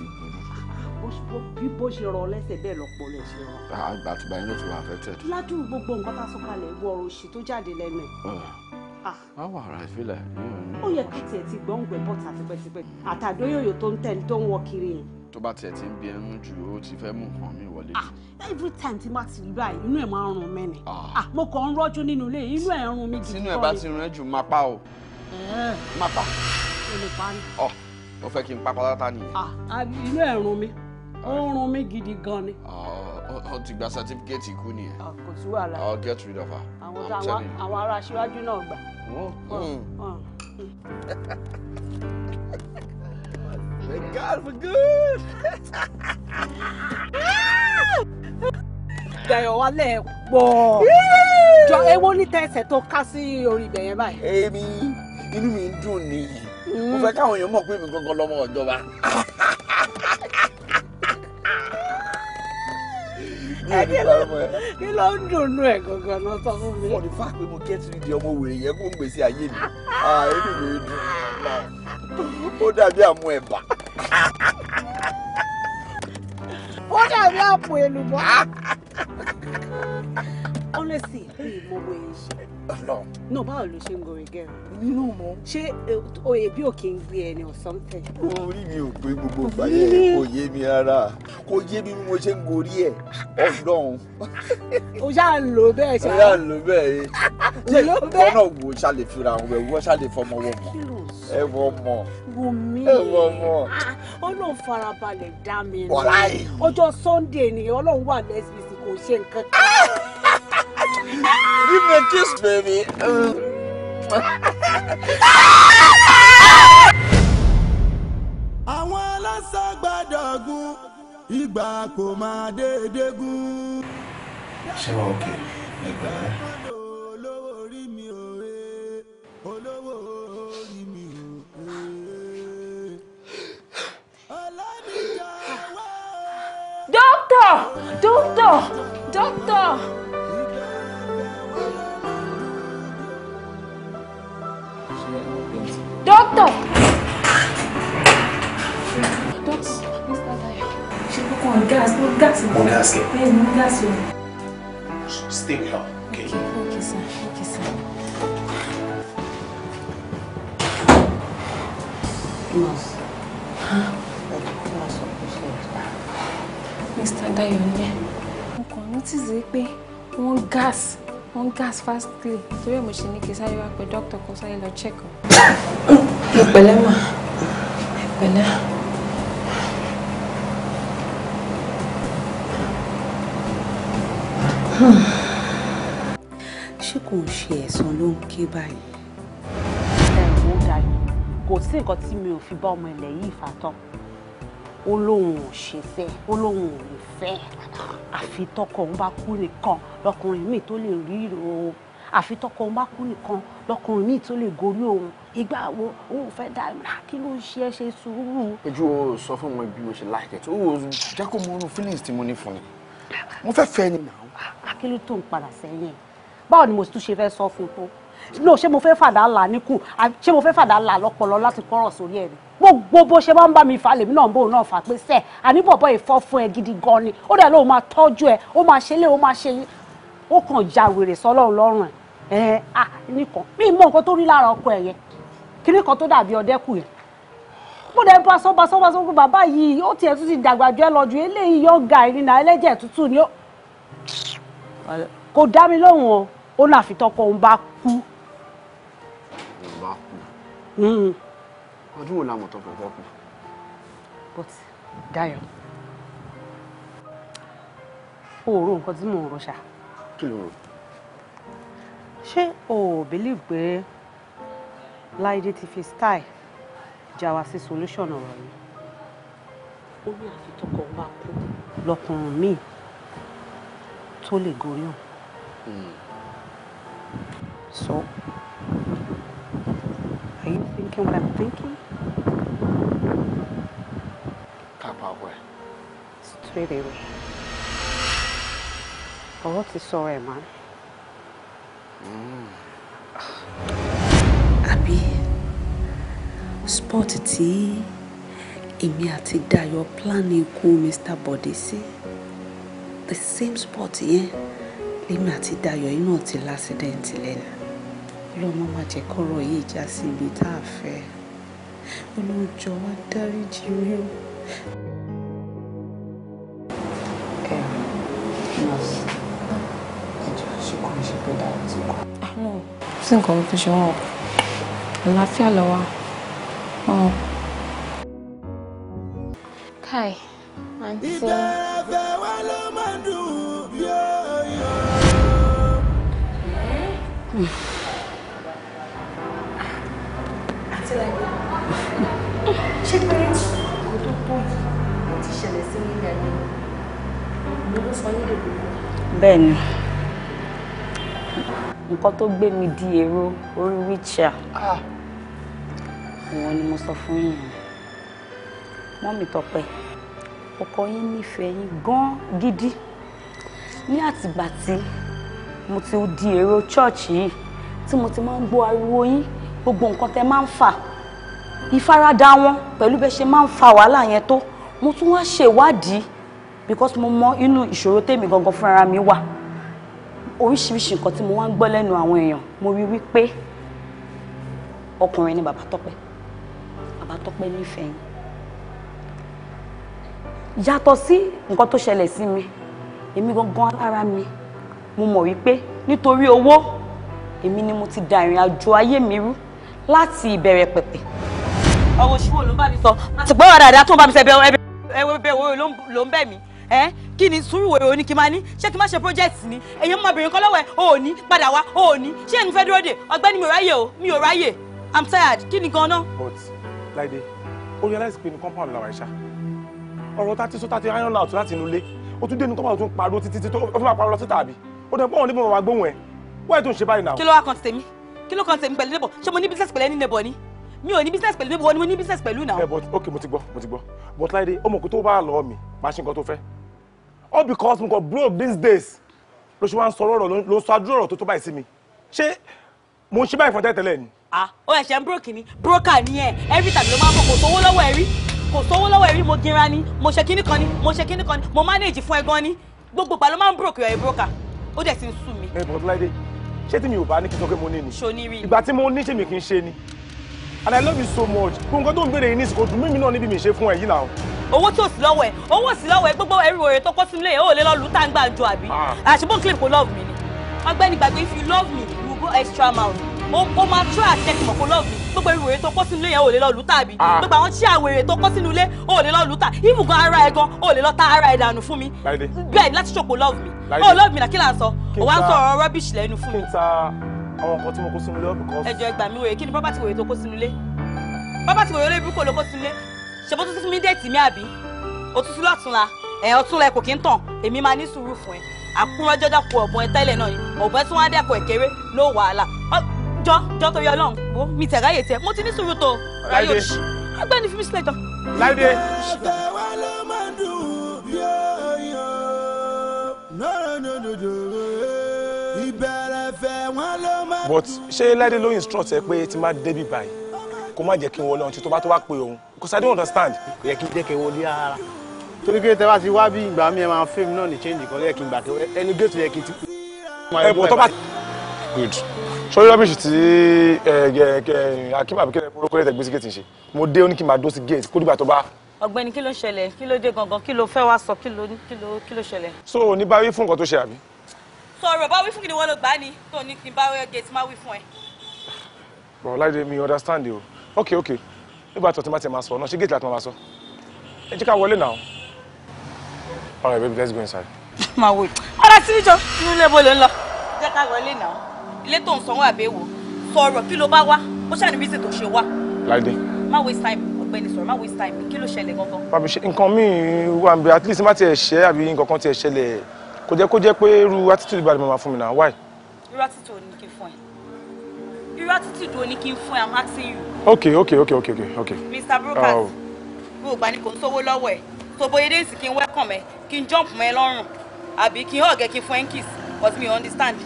ti burú. bó ṣe rọ lẹ́sẹ̀ bẹ́ẹ̀ lọ́pọ̀ lẹ̀ rọ. àgbà àtìgbà yẹn ló ti wà affected. ládùn gbogbo nǹkan tá a sọ wọ ọ̀rọ̀ òṣì tó jáde lẹ́nu ẹ̀. a ah. ah. wà ara ìfilẹ̀. ó yẹ kí tiẹ̀ ti gbọ́ ǹgbẹ́ bọ́ta tipẹ́tipẹ́ àtàdó yòyò tó ń tẹ̀ tó ń wọ kiri yẹn tó bá tiẹ̀ ti ń bí ẹnu jù ó ti fẹ́ mú nǹkan mi wọlé. Ah, every time tí má ti rí báyìí inú ẹ̀ máa ń rún mi ni mo kàn ń rọ́jú nínú ilé inú ẹ̀ ń rún mi gidi kọ́ ni. sínú ẹ̀ bá ti rún ẹ jù máa pa o máa pa. olùpa ni ó fẹ́ kí n pa pátá nìyẹn. Ah, inú ẹ̀ rún mi ó ń rún mi gidi gan ni. Ah, ó ti gba sátífíkẹ́ẹ̀tì ikú nìyẹn. Ah, kò sí wàhálà. I'll get rid of her. àwọn táwọn àwọn ará aṣíwájú náà gbà. Thank hmm. God for good. [LAUGHS] Dayọ̀ wálẹ̀ pọ̀. Jọ ewo ní tẹ̀sẹ̀ tó ká sí orí ibẹ̀ yẹn báyìí. Èmi inú mi ń dùn nìyí mo fẹ́ káwọn èèyàn mọ̀ pé mi gangan lọ́mọ ìjọba. kí ló ń dùnnú ẹ gangan lọ sọ fún mi. wọ́n ní fáà pé mo kẹ́tì di ọmọ wèrè yẹn kó ń gbèsè ayé mi inú mi dùn ó dàbí àmú ẹ̀bà. ó dàbí àpò èlùbọ́. honestly mi ò mọ bóyá ṣe. Ọlọ́run. no, báwo ló ṣe ń gorí gẹrun. nínú mọ. ṣé eh, oyè bí òkè ń gbé ẹni or something. orí mi ò pé gbogbo ìgbàyẹ kò yé mi rárá kò yé mi bí mo ṣe ń gorí ẹ Ọlọ́run. o ṣáà ń lò bẹ́ẹ̀ ṣáà. o ṣáà ń lò bẹ́ẹ̀ ṣe ìfọ́ náà wò ṣàlè fira àwọn ẹ̀wọ́ ṣàlè fọmọ wọ̀ mọ́ ẹ wọ mọ ẹ wọ mọ. Ah, Ọlọ́run farabalẹ̀ dá mi. ọjọ́ Sunday ni Ọlọ́run wà lẹ́sìn Give me a kiss, baby. Àwọn aláṣà gbọ́dọ̀ gun, ìgbà kò máa déédé gún. Ṣé wàá òkè ẹgbàá rẹ̀? Olówó orí mi Doctor! Doctor, Mr. Dayo. She look on gas, no gas. No gas. Stay with her, okay? Okay, okay sir. Okay, sir. Nurse. Huh? Mr. Dayo, yeah. Mo kàn notice pé wọ́n gas wọ́n gas fastly torí ẹ̀ mo ṣe ní kí sáré wá pé dókítà kan sáré lọ check up. ẹ pẹ̀lẹ́ mà ẹ pẹ̀lẹ́. ṣé kò ń ṣe ẹ̀sán ló ń ké báyìí. ẹ ò dáa kò sí nǹkan tí mi ò fi bá ọmọ ilẹ̀ yìí fà tán ó lóun ò ṣèfẹ́ ó lóun ò lè fẹ́ àfi tọkọ òun bá kú nìkan lọkùnrin míì tó lè rí òun àfi tọkọ òun bá kú nìkan lọkùnrin míì tó lè gorí òun ìgbà wo òun fẹ́ dá ìmọ̀ràn kí ló ń ṣe é ṣe sùúrù. ojú o sọ fún mi bí mo ṣe láìpẹ́ tó o jẹ́ kó mo rún feelings tí mo ní fún mi mo fẹ́ fẹ́ ni nà. akílù tó ń padà sẹ́yìn báwo ni mo tún ṣe fẹ́ sọ fún tó ṣé mo fẹ́ fàdá là níkù ṣé mo fẹ́ fàdá là lọ́pọlọ láti kọ́rọ̀ sórí ẹ̀ gbogbo bó ṣe máa ń bá mi fà lèmi náà ń bòun náà fà pé sẹ́ẹ̀ àní bọ̀bọ̀ ìfọ́ fún ẹ gidi gan ni ó dẹ̀ lóun máa tọ́jú ẹ ó máa ṣe lé ó máa ṣe ó kàn ja wèrè sọlọ́run lọ́rùn ẹ̀ ẹ̀ à nìkan mí mọ nǹkan tó rí lára ọkọ ẹ̀ yẹn kíní kan tó dàbí ọdẹ́kù yẹn mo dẹ̀ bá sọ́ba sọ́ba sọ́ba bàbá yìí ó tiẹ̀ tún ti dàgbà jù ẹ lọ ju eléyìí yọ̀ǹga ìrìnà ẹlẹ́jẹ̀ tútù ni ó kò dá mi lóhùn o ó láfi tọkọ òun bá kú. òun bá kú. Hmm ọdún wo la mọ̀ tọ́ but Dayọ̀ o ò ro nǹkan tí mò ń ro ṣá. kí ló rò. ṣé o ò believe pé Láìdé ti fi style já wa sí solution ọ̀rọ̀ yìí. ó ní àfitọ́kọ̀ bá kú lọkùnrin míì tó lè goríhàn. Hmm. So, are you thinking what I'm thinking? Kàbàwẹ̀. Straight away. Ọ̀rọ̀ ti sọ̀rọ̀ ẹ̀ máa. Àbí spọ́ọ̀tì tí èmi àti Dayọ̀ plan ikú Mr. Bọ̀dé sí the same spot yẹn lèmi àti Dayọ̀ yìí náà ti lásìdẹ̀ǹtì lẹ́nu. Lọ́mọ má jẹ́ kọ́rọ̀ yìí já sí ibi tá a fẹ́. Ọlọ́run jọ̀wọ́ dáríjì mi o. ẹ nọọsì ẹjọ ṣe kò ṣe pé dáhùn ti kọ. àwọn ah, sí nǹkan tó ṣe wọn àlàáfíà lọ́wọ́ wọn. káì àǹtí. ìbẹ̀rẹ̀ fẹ́ ṣé pé kò tó tó yìí kò ti ṣẹlẹ̀ sí nǹkan tó gbé mi di èrò orí wheelchair ah. òun ni mo sọ fún yín mọ́mì Tọ́pẹ́ ọkọ yín nífẹ̀ẹ́ yín gan gidi ní àtìgbà tí mo ti di èrò chọ́ọ̀chì yìí tí mo ti máa ń gbọ́ ariwo yín gbogbo nǹkan tẹ́ máa ń fà ìfaradà wọn pẹ̀lú bẹ́ẹ̀ ṣe máa ń fa wàhálà yẹn tó mo tún wá ṣèwádìí because mo mọ inú ìṣòro tèmi gangan fúnra mi wà oríṣiríṣi nǹkan tí mo wá ń gbọ́ lẹ́nu àwọn èèyàn mo rí wípé ọkùnrin ni bàbá tọ́pẹ́ bàbá tọ́pẹ́ nífẹ̀ẹ́ yín yàtọ̀ sí nǹkan tó ṣẹlẹ̀ sí mi èmi gangan lára mi mo mọ̀ wípé nítorí owó èmi ni mo ti da ìrìn àjò ayé mi rú láti ìbẹ̀rẹ̀ pẹ̀pẹ̀ ọwọ́ ṣíwò ló ń bá mi sọ àtìgbọ́ wà dáadáa tó ń bá mi sọ ẹbẹ bẹ wo ló ń bẹ̀ mí ẹ kí ni sùúrù wo ni kí n máa ní ṣé kí n má ṣe project ni èyí mo obìnrin kan lọ́wọ́ ẹ ò ní padà wá ò ní ṣé ẹni fẹ́ dúró dè ọgbẹ́ni mi ò ráyè o mi ò ráyè i'm tired kí ni gan-an. but Láìdé ó realize pé ní compound làwọn ẹ̀ṣá ọ̀rọ̀ tá ti sọ tá ti iron out láti inú ilé ó tún dé ní compound tó ń pariwo títí tó ó fi máa pariwo lọ síta àbí ó dẹ̀ pọ́n níbo máa gbóhùn ẹ̀ wọ́n ẹ̀ tó ń ṣe báyìí náà. kí ló wá kan tèmi kí ló kan tèmi pẹ̀lú níbọ̀ ṣé mo ní business pẹ̀lú ẹni níbọ̀ ni mi ò ní business pẹ̀lú níbo ni mo ní business pẹ̀lú náà. ẹ eh, but ok mo ti gbọ́ mo ti gbọ́ but láìdé ọmọ kò tó bá lọ mi máa ṣe nǹkan tó fẹ́ all because mo kàn broke these days ló ṣe wá ń sọ̀rọ̀ ọ̀rọ̀ ló ń sọ adúrò ọ̀rọ̀ tó tó báyìí sí mi ṣé mo ń ṣe báyìí fún tẹ́tẹ́lẹ̀ ni. ah ó ẹ̀ṣẹ̀ ń broke ni broker ni ẹ every time ló máa ń bọ̀ kò sówó lọ́wọ́ ẹ̀ kò sówó lọ́wọ́ ẹ̀ mo ginra ni mo ṣe kíní kan ni mo ṣe kíní kan ni mo manage fún ẹ gan ni gbogbo ìgbà ló máa ń broke yọ̀ broker ó dẹ̀ ti ń sú mi. ẹ eh, bọ̀dọ̀ láìdé ṣé tí mi ò bá ní kí n sọ pé mo ní ni. ṣo ní rí i. ìgbà tí mo ní ṣèmi kì í ṣe ni and I love you so much kó nǹkan tó ń béèrè yìí ní ìsìnkú dùn mímí náà níbi mi ṣe fún ẹ yìí náà. owó tí ò sí lọ́wọ́ ẹ̀ owó sí lọ́wọ́ ẹ̀ gbogbo ẹrù rẹ̀ tó kọ́ sí ilé ẹ̀ ó lè lọ́ọ́ lù tá ń gbà jọ àbí àṣìbó ah. ah, claim kò love me ni ọgbẹ́ni gbàgbé if you love me you go extra mile o máa try àtẹ̀kì mọ̀ kó love me gbogbo ẹrù rẹ̀ tó kọ́ sínú ilé yẹn ò lè lọ́ọ́ lù tàbí ah. gbogbo àwọn tí àwèrè tó kọ́ sínú ilé ò lè lọ́ọ́ lù tà ibùgàn ara ẹ̀ gan ò lè lọ́ọ́ ta ara ẹ̀ dànù fún mi bẹ́ẹ̀ láti ṣòpò love me ó oh, love me là kí là ń sọ òwà ń sọ ọ̀rọ̀ rubbish lẹ́nu fún mi àwọn nǹkan tí mo kó sínú ilé ọ̀bì ẹjọ ẹgbàá mi wòye kí ni bábà ti wòye tó kó sínú ilé bábà ti wòye olóyè burúkú ló kó sínú ilé ṣe bó tún sí mi déètì mi àbí òtútù lọ́túnla ẹ̀ ọ̀túnla ẹ̀ kò kí ń tàn èmi máa ní sùúrù fún ẹ àkúrọ́jọ́jọ́ ku ọ̀bùn ẹ tẹ́lẹ̀ náà ni tí wọ́n á dẹ́kọ̀ ẹ̀kẹ́rẹ́ ló wàhálà jọ jọ torí Ọlọ́run wo mi tẹ̀ ráyè tiẹ̀ mo ti ní sùúrù tó ráyè but ṣé láìdé ló instruct ẹ pé tí má débi báyìí kó má jẹ́ kí n wọlé ohun tí tó bá tó wá pé òun because I don't understand. kò yẹ kí n jẹ́ kí n wọlé rárá torí pé tẹ́ bá ti wá bí ìgbà mi ẹ máa fẹ́ mi náà ní change kan lẹ́yìn kí n gbà tó ẹni gate yẹ kí n ti. ẹ̀bùn tó bá good sórí rọ́bìṣì tí akínbàbí kẹrẹ polókó lẹ́tẹ̀ gbèsè gate ń ṣe mo dé ó ní kí n máa dó sí gate kó dìgbà tó bá. ọ̀gbẹ́ni kí ló ṣẹlẹ̀ kí ló dé gangan kí ló fẹ́ wá sọ kí ló kí ló kí ló ṣẹlẹ̀. so ní bá wí fún nǹkan tó ṣe àbí sọ̀rọ̀ bá wí fún kìnìún wọn ló gbá ni tó ní kí n bá wẹ́ gẹ̀ẹ́tì má wí fún ẹ. bọ̀ láìdé mi understand o ok ok nígbà tó ti má ti máa sọ ọ̀nà ṣé gate láti máa sọ ẹ jẹ́ ká wọlé náà. all right baby let's go inside. [LAUGHS] máa wò ọ̀rọ̀ síbíjọ́ inú ilé bọ́ọ̀lù ń lọ jẹ́ ká wọlé náà ilé tó ń sanwó àbẹ̀ wò sọ̀rọ̀ kí ló bá wá ó ṣàní bí ṣètò Ma waste time ọ̀gbẹ́ni sọ̀rọ̀ má waste time kí ló ṣẹlẹ̀ gangan. bàbá nǹkan míì wà ń at least má tiẹ̀ ṣẹ́ àbí nǹkan kan tiẹ̀ ṣẹlẹ̀ kò jẹ́ kó jẹ́ pé irú attitude bá máa fún mi náà why. irú attitude ò kí n fún ẹ irú attitude ò ní kí n fún ẹ i'm asking you. okay okay okay okay okay. mr brokers oh. mo gbà ní kò ń sówó lọ́wọ́ ẹ̀ tó bóyá dé sí kí n welcome ẹ kí n jump mọ́ ẹ lọ́rùn àbí kí n hug ẹ kí n fún ẹ kiss but me understand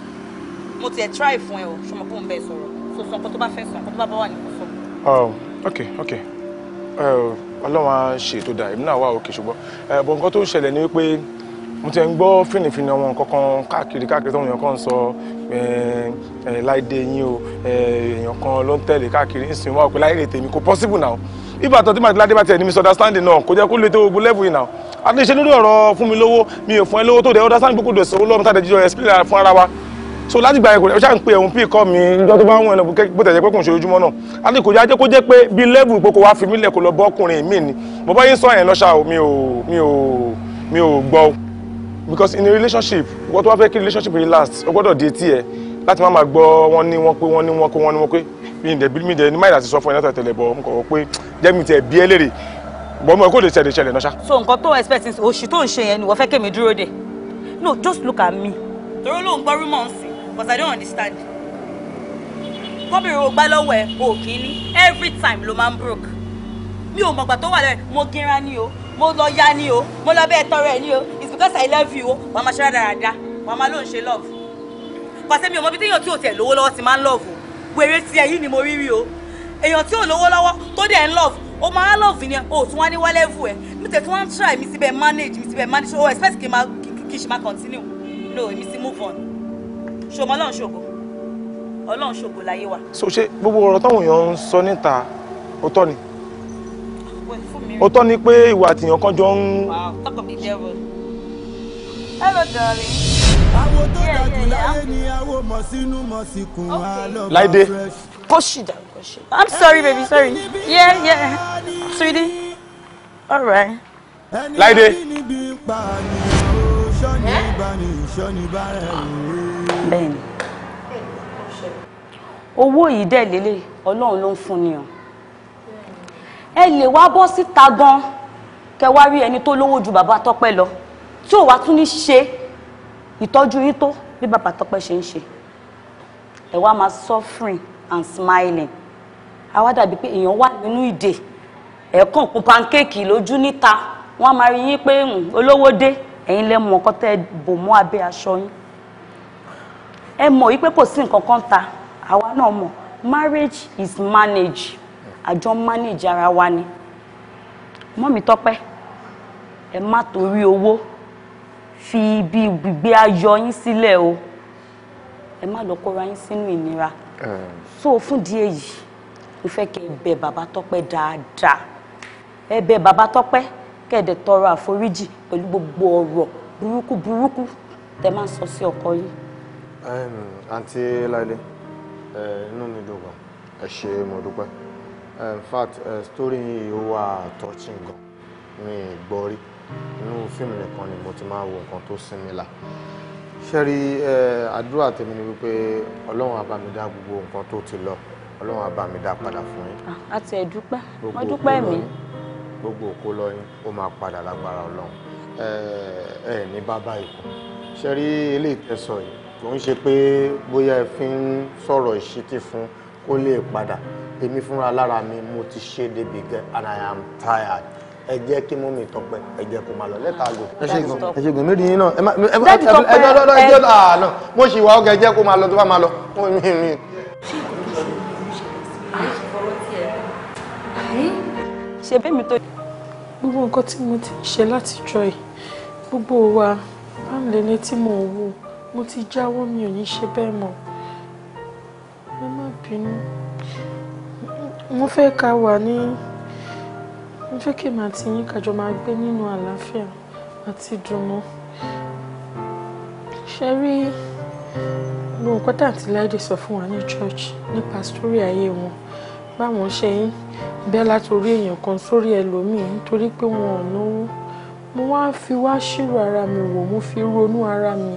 mo tiẹ̀ try fún ẹ o ṣọmọ kó n bẹ sọ̀rọ̀ so sọ nǹkan tó bá fẹ́ sọ nǹkan tó bá bá wà ní kò sọ. Oh, okay okay eh, ọlọ́wọ́n á ṣe ètò dà èmi náà wà òkè ṣùgbọ́n eh, nǹkan tó ń ṣẹlẹ̀ ni wípé mo ti ń gbọ́ fìnnìfìnnì àwọn kankan káàkiri káàkiri tó èèyàn kan ń sọ eh, eh, láìdé yín o eh, èèyàn kan ló ń tẹ̀lé káàkiri ń sìn wá òpin láyé tèmi kò possible now ibà tó tí màá ládé bá tiẹ̀ ní misunderstanding náà kò jẹ́ kó lè tó gbogbo level yìí now àti ṣe lórí ọ̀rọ̀ fún mi lówó mi ò fún ẹ lówó tó dé ọ̀dà sáà gbogbo dòsò owó lọ́run tàdé jíjọ explain fún ara wa so láti gbà ẹ̀kọ́ ṣáà ń pe òun píì mi níjọ́ tó bá ń wọn ẹ̀nà bó tẹ̀jẹ́ pé kò ń ṣe ojúmọ́ náà àti kò jẹ́ kó jẹ́ pé bíi level ìpoko wa fi mí lẹ̀ kó lọ bọ́kùnrin mi ni mo bá yín sọ yẹn lọ́ṣà mi ò mi ò mi ò gbọ́ because in a relationship wọ́n tó wá fẹ́ kí relationship yìí last o gbọ́dọ̀ di etí ẹ láti má máa gbọ́ wọ́n ní wọ́n pé wọ́n ní wọ́n kó wọ́n ní wọ́n pé mi ìdẹ̀ bí mi ìdẹ̀ ní máìlá ti sọ fún ẹ náà tẹ̀lé bọ̀ nǹkan pé jẹ́ mi tiẹ̀ bí ẹ léèrè bọ́ mọ̀ kó lè ṣẹlẹ̀ ṣẹlẹ̀ náà ṣá. so nǹkan tó expect oṣù tó ń ṣe yẹn ni wọ́n fẹ́ kémi dúró dé no just look at me. torí ló ń gbọ́ rúmọ̀ ń sìn but i don't understand. gómìnà ò gbá lọ́wọ́ ẹ̀ o kì í ní every time ló máa ń broke mi ò mọ̀gbà tó wà lẹ́rẹ̀ mo gínra ni o mo lọ ya ni o mo lọ bẹ́ẹ̀ tọrọ ẹ̀ ni o because i love you wàá máa ṣe rádaràda wàá máa ló ń ṣe love pàṣẹ mi ò mọ bí téèyàn tí ò tiẹ̀ lówó lọ́wọ́ ti máa ń love o wèrè tiẹ̀ yìí ni mo rí rí o èèyàn tí ò lówó lọ́wọ́ tó dẹ̀ ń love o máa ń love ni o tún wá ní wálé vù ẹ mi tẹ̀ tún wá ń try mi ti bẹ̀ manage mi ti bẹ̀ manage o expect kí n máa kí n ṣe máa continue no èmi ti move on ṣòmọ ọlọ́run ṣògo ọlọ́run ṣògo láyé wa. so ṣe gbogbo ọ̀rọ̀ táwọn èèyàn ń sọ níta ó tọ́ ni ó tọ́ ni pé ìwà àtìyàn kan jọ ń. wow talk of the devil. Hello, darling. Àwọn tó dàgbù láyé ni àwọn mọ̀ sínú I'm sorry baby sorry. Yeah yeah. Sweetie. All right. Láìdé. Bẹ́ẹ̀ni. Owó yìí dẹ̀ lélẹ̀ Ọlọ́run ló ń fún ni o. Ẹ lè wá bọ́ síta gan-an kẹ wá rí ẹni tó lówó ju bàbá Tọ́pẹ́ lọ tí ò wá tún ní ṣe ìtọ́jú yín tó bí bàbá Tọ́pẹ́ ṣe ń ṣe ẹ wá máa suffering and smiling àwa dàbí pé èèyàn wà nínú ìdè ẹ̀ẹ̀kan kún pankéèkì lójú níta wọ́n á máa rí yín pé hmm, olówó dé ẹ̀yin lẹ́ mọ̀ ọkàn tẹ́ ẹ bò mọ́ abẹ́ aṣọ yín ẹ mọ̀ yí pé kò sí nǹkan kan ta àwa náà mọ̀ marriage is manage àjọ manage ara wa ni mọ́mí Tọ́pẹ́ ẹ má torí owó fi ibi gbígbé ayọ̀ yín sílẹ̀ o ẹ má lọ kóra yín sínú ìnira so fún di èyí mo fẹ́ kẹ́ ẹ bẹ̀ bàbá tọ́pẹ́ dáadáa ẹ bẹ̀ bàbá tọ́pẹ́ kẹ́ tọrọ àforíjì pẹ̀lú gbogbo ọ̀rọ̀ burúkú burúkú tẹ́ máa sọ sí ọkọ yín. àǹtí láìlé inú mi dùn gan ẹ ṣe mo dúpẹ́ in fact story yìí wà touching gan mi gbọ́ rí inú fíìmù nìkan ni mo ti máa wo nǹkan tó similar ṣẹ́rí àdúrà tèmi ni wípé ọlọ́run á gbogbo nǹkan tó ti lọ ọlọ́run á padà fún yín. àti ah, ẹ̀dúpẹ́ wọ́n dúpẹ́ mi. gbogbo òkú lọ́yìn ó máa padà lágbára ọlọ́run ẹ ní bàbá ikú ṣẹ́rí ilé ìtẹ̀sọ̀ yìí kò ń ṣe pé bóyá ẹ fi ń sọ̀rọ̀ ìṣítí fún kó lè padà èmi fúnra lára mi mo ti ṣe débi gan and I am tired ẹ jẹ́ kí mú mi tọpẹ ẹ kó máa lọ lẹ́tà àgò. ẹ ṣe gan ẹ ṣe gan mẹ́rin yín náà ẹ má ẹ má ẹ dọ́dọ́ ẹ jẹ́ à náà mo ṣì wà ó kẹ kó máa lọ tó bá máa lọ. ṣe bẹ́ẹ̀ mi tó. gbogbo nǹkan tí mo ti ṣe láti jọ yìí gbogbo wa bá ń lélẹ̀ tí mò wò mo ti jáwọ́ mi ò ní ṣe bẹ́ẹ̀ mọ́ ẹ má bínú mo fẹ́ ká wà ní mo fẹ́ kí èmi àti yín kájọ máa gbé nínú àlàáfíà àti ìdùnnú ṣe rí gbogbo nǹkan tá láìdè sọ fún wa ní church nípa sórí ayé wọn báwọn ṣe ń bẹ́ látòrí èèyàn kan sórí ẹlòmíì nítorí pé wọn ò náwó mo wá fi wá ṣírò ara mi wò mo fi ronú ara mi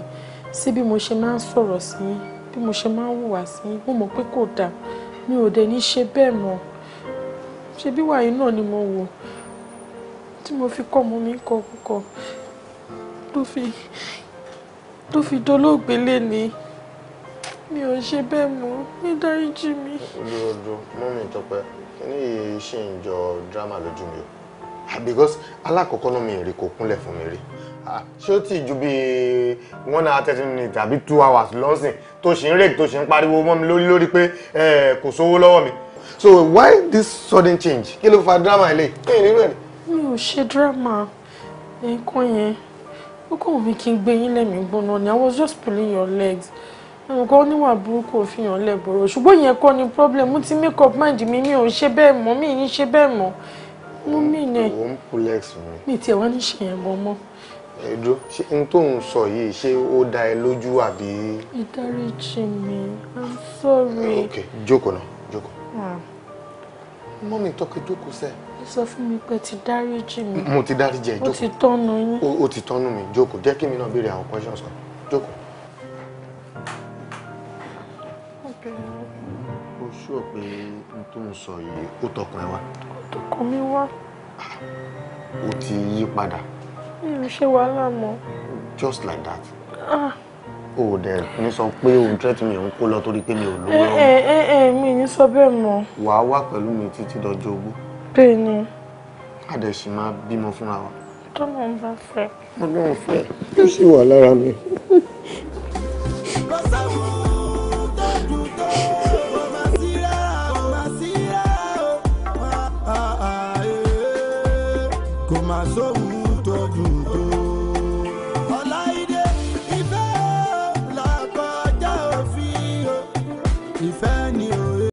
sí bí mo ṣe máa ń sọ̀rọ̀ sí bí mo ṣe máa ń hùwà sí mo mọ̀ pé kò dáa mi ò dẹ̀ ní ṣe bẹ́ẹ̀ mọ́ ṣe bí wàyí náà ni mo wò tí mo fi kọ́ ọmọ mi kọ púpọ̀ tó fi tó fi dolóògbé léni mi ò ṣe bẹ́ẹ̀ mọ́ ní dáríjì mi. olóòdù mọ́mí tọpẹ kíní yìí ṣì ń jọ drama lójú mi o ah, because alákọ̀ọ́kọ́ náà mi rí kò kúnlẹ̀ fún mi rí ah, ṣé ó ti ju bí one hour thirty minutes àbí two hours lọ́sìn tó ṣì ń rèk tó ṣì ń pariwo mọ́ mi lórí lórí pé eh, kò sówó lọ́wọ́ mi so why this sudden change kí ló fa drama ilé kí ni irú ẹ̀. mi ò ṣe drama nǹkan yẹn ó kàn wọ́n mi kí n gbé yín lẹ́mìí gbóná ni i was just pulling your legs nǹkan oníwà burúkú òfin hàn lẹ́bọ̀rọ̀ ṣùgbọ́n yẹn kọ́ ni problem mo ti make up mind mi mi ò ń ṣe bẹ́ẹ̀ mọ́ mi ì ń ṣe bẹ́ẹ̀ mọ́ mo mí ni ẹ̀ mi tiẹ̀ wá ní ṣe yẹn bọ́ mọ́. ẹ̀dọ́ ṣé n tó ń sọ yìí ṣé ó dá ẹ lójú àbí. ìdáríjì mi i'm sorry. ok jókòó náà mọ́mí tọkẹ jókòó sẹ́. ẹ sọ fún mi pé ti dáríjì mi. mo ti dáríjì ẹ jókòó. o ti tọ́nu yín. o ti tọ́nu mi jókòó jẹ́ kí mi náà béèrè àwọn questions kan jókòó. o ṣúọ̀ pé n tó ń sọ yìí ó tọkàn ẹ wá. ó tọkàn mi wá. o ti yí padà. mi ò ṣe wàhálà mọ́. just like that. Ah o ò dẹ̀ ní sọ pé o ń tẹ́tí mi ò ń kó lọ torí pé mi ò lówó eh, lọ́wọ́. ẹ ẹ ẹ mi ní sọ bẹ́ẹ̀ mọ́. wà á wà pẹ̀lú mi títí dọjọ́ ogbó. bẹ́ẹ̀ ni. a dẹ̀ sì máa bímọ fúnra wa. tọ́lá ń bá fẹ́. ọlọ́run fẹ́ ó sì wà lára mi. kò máa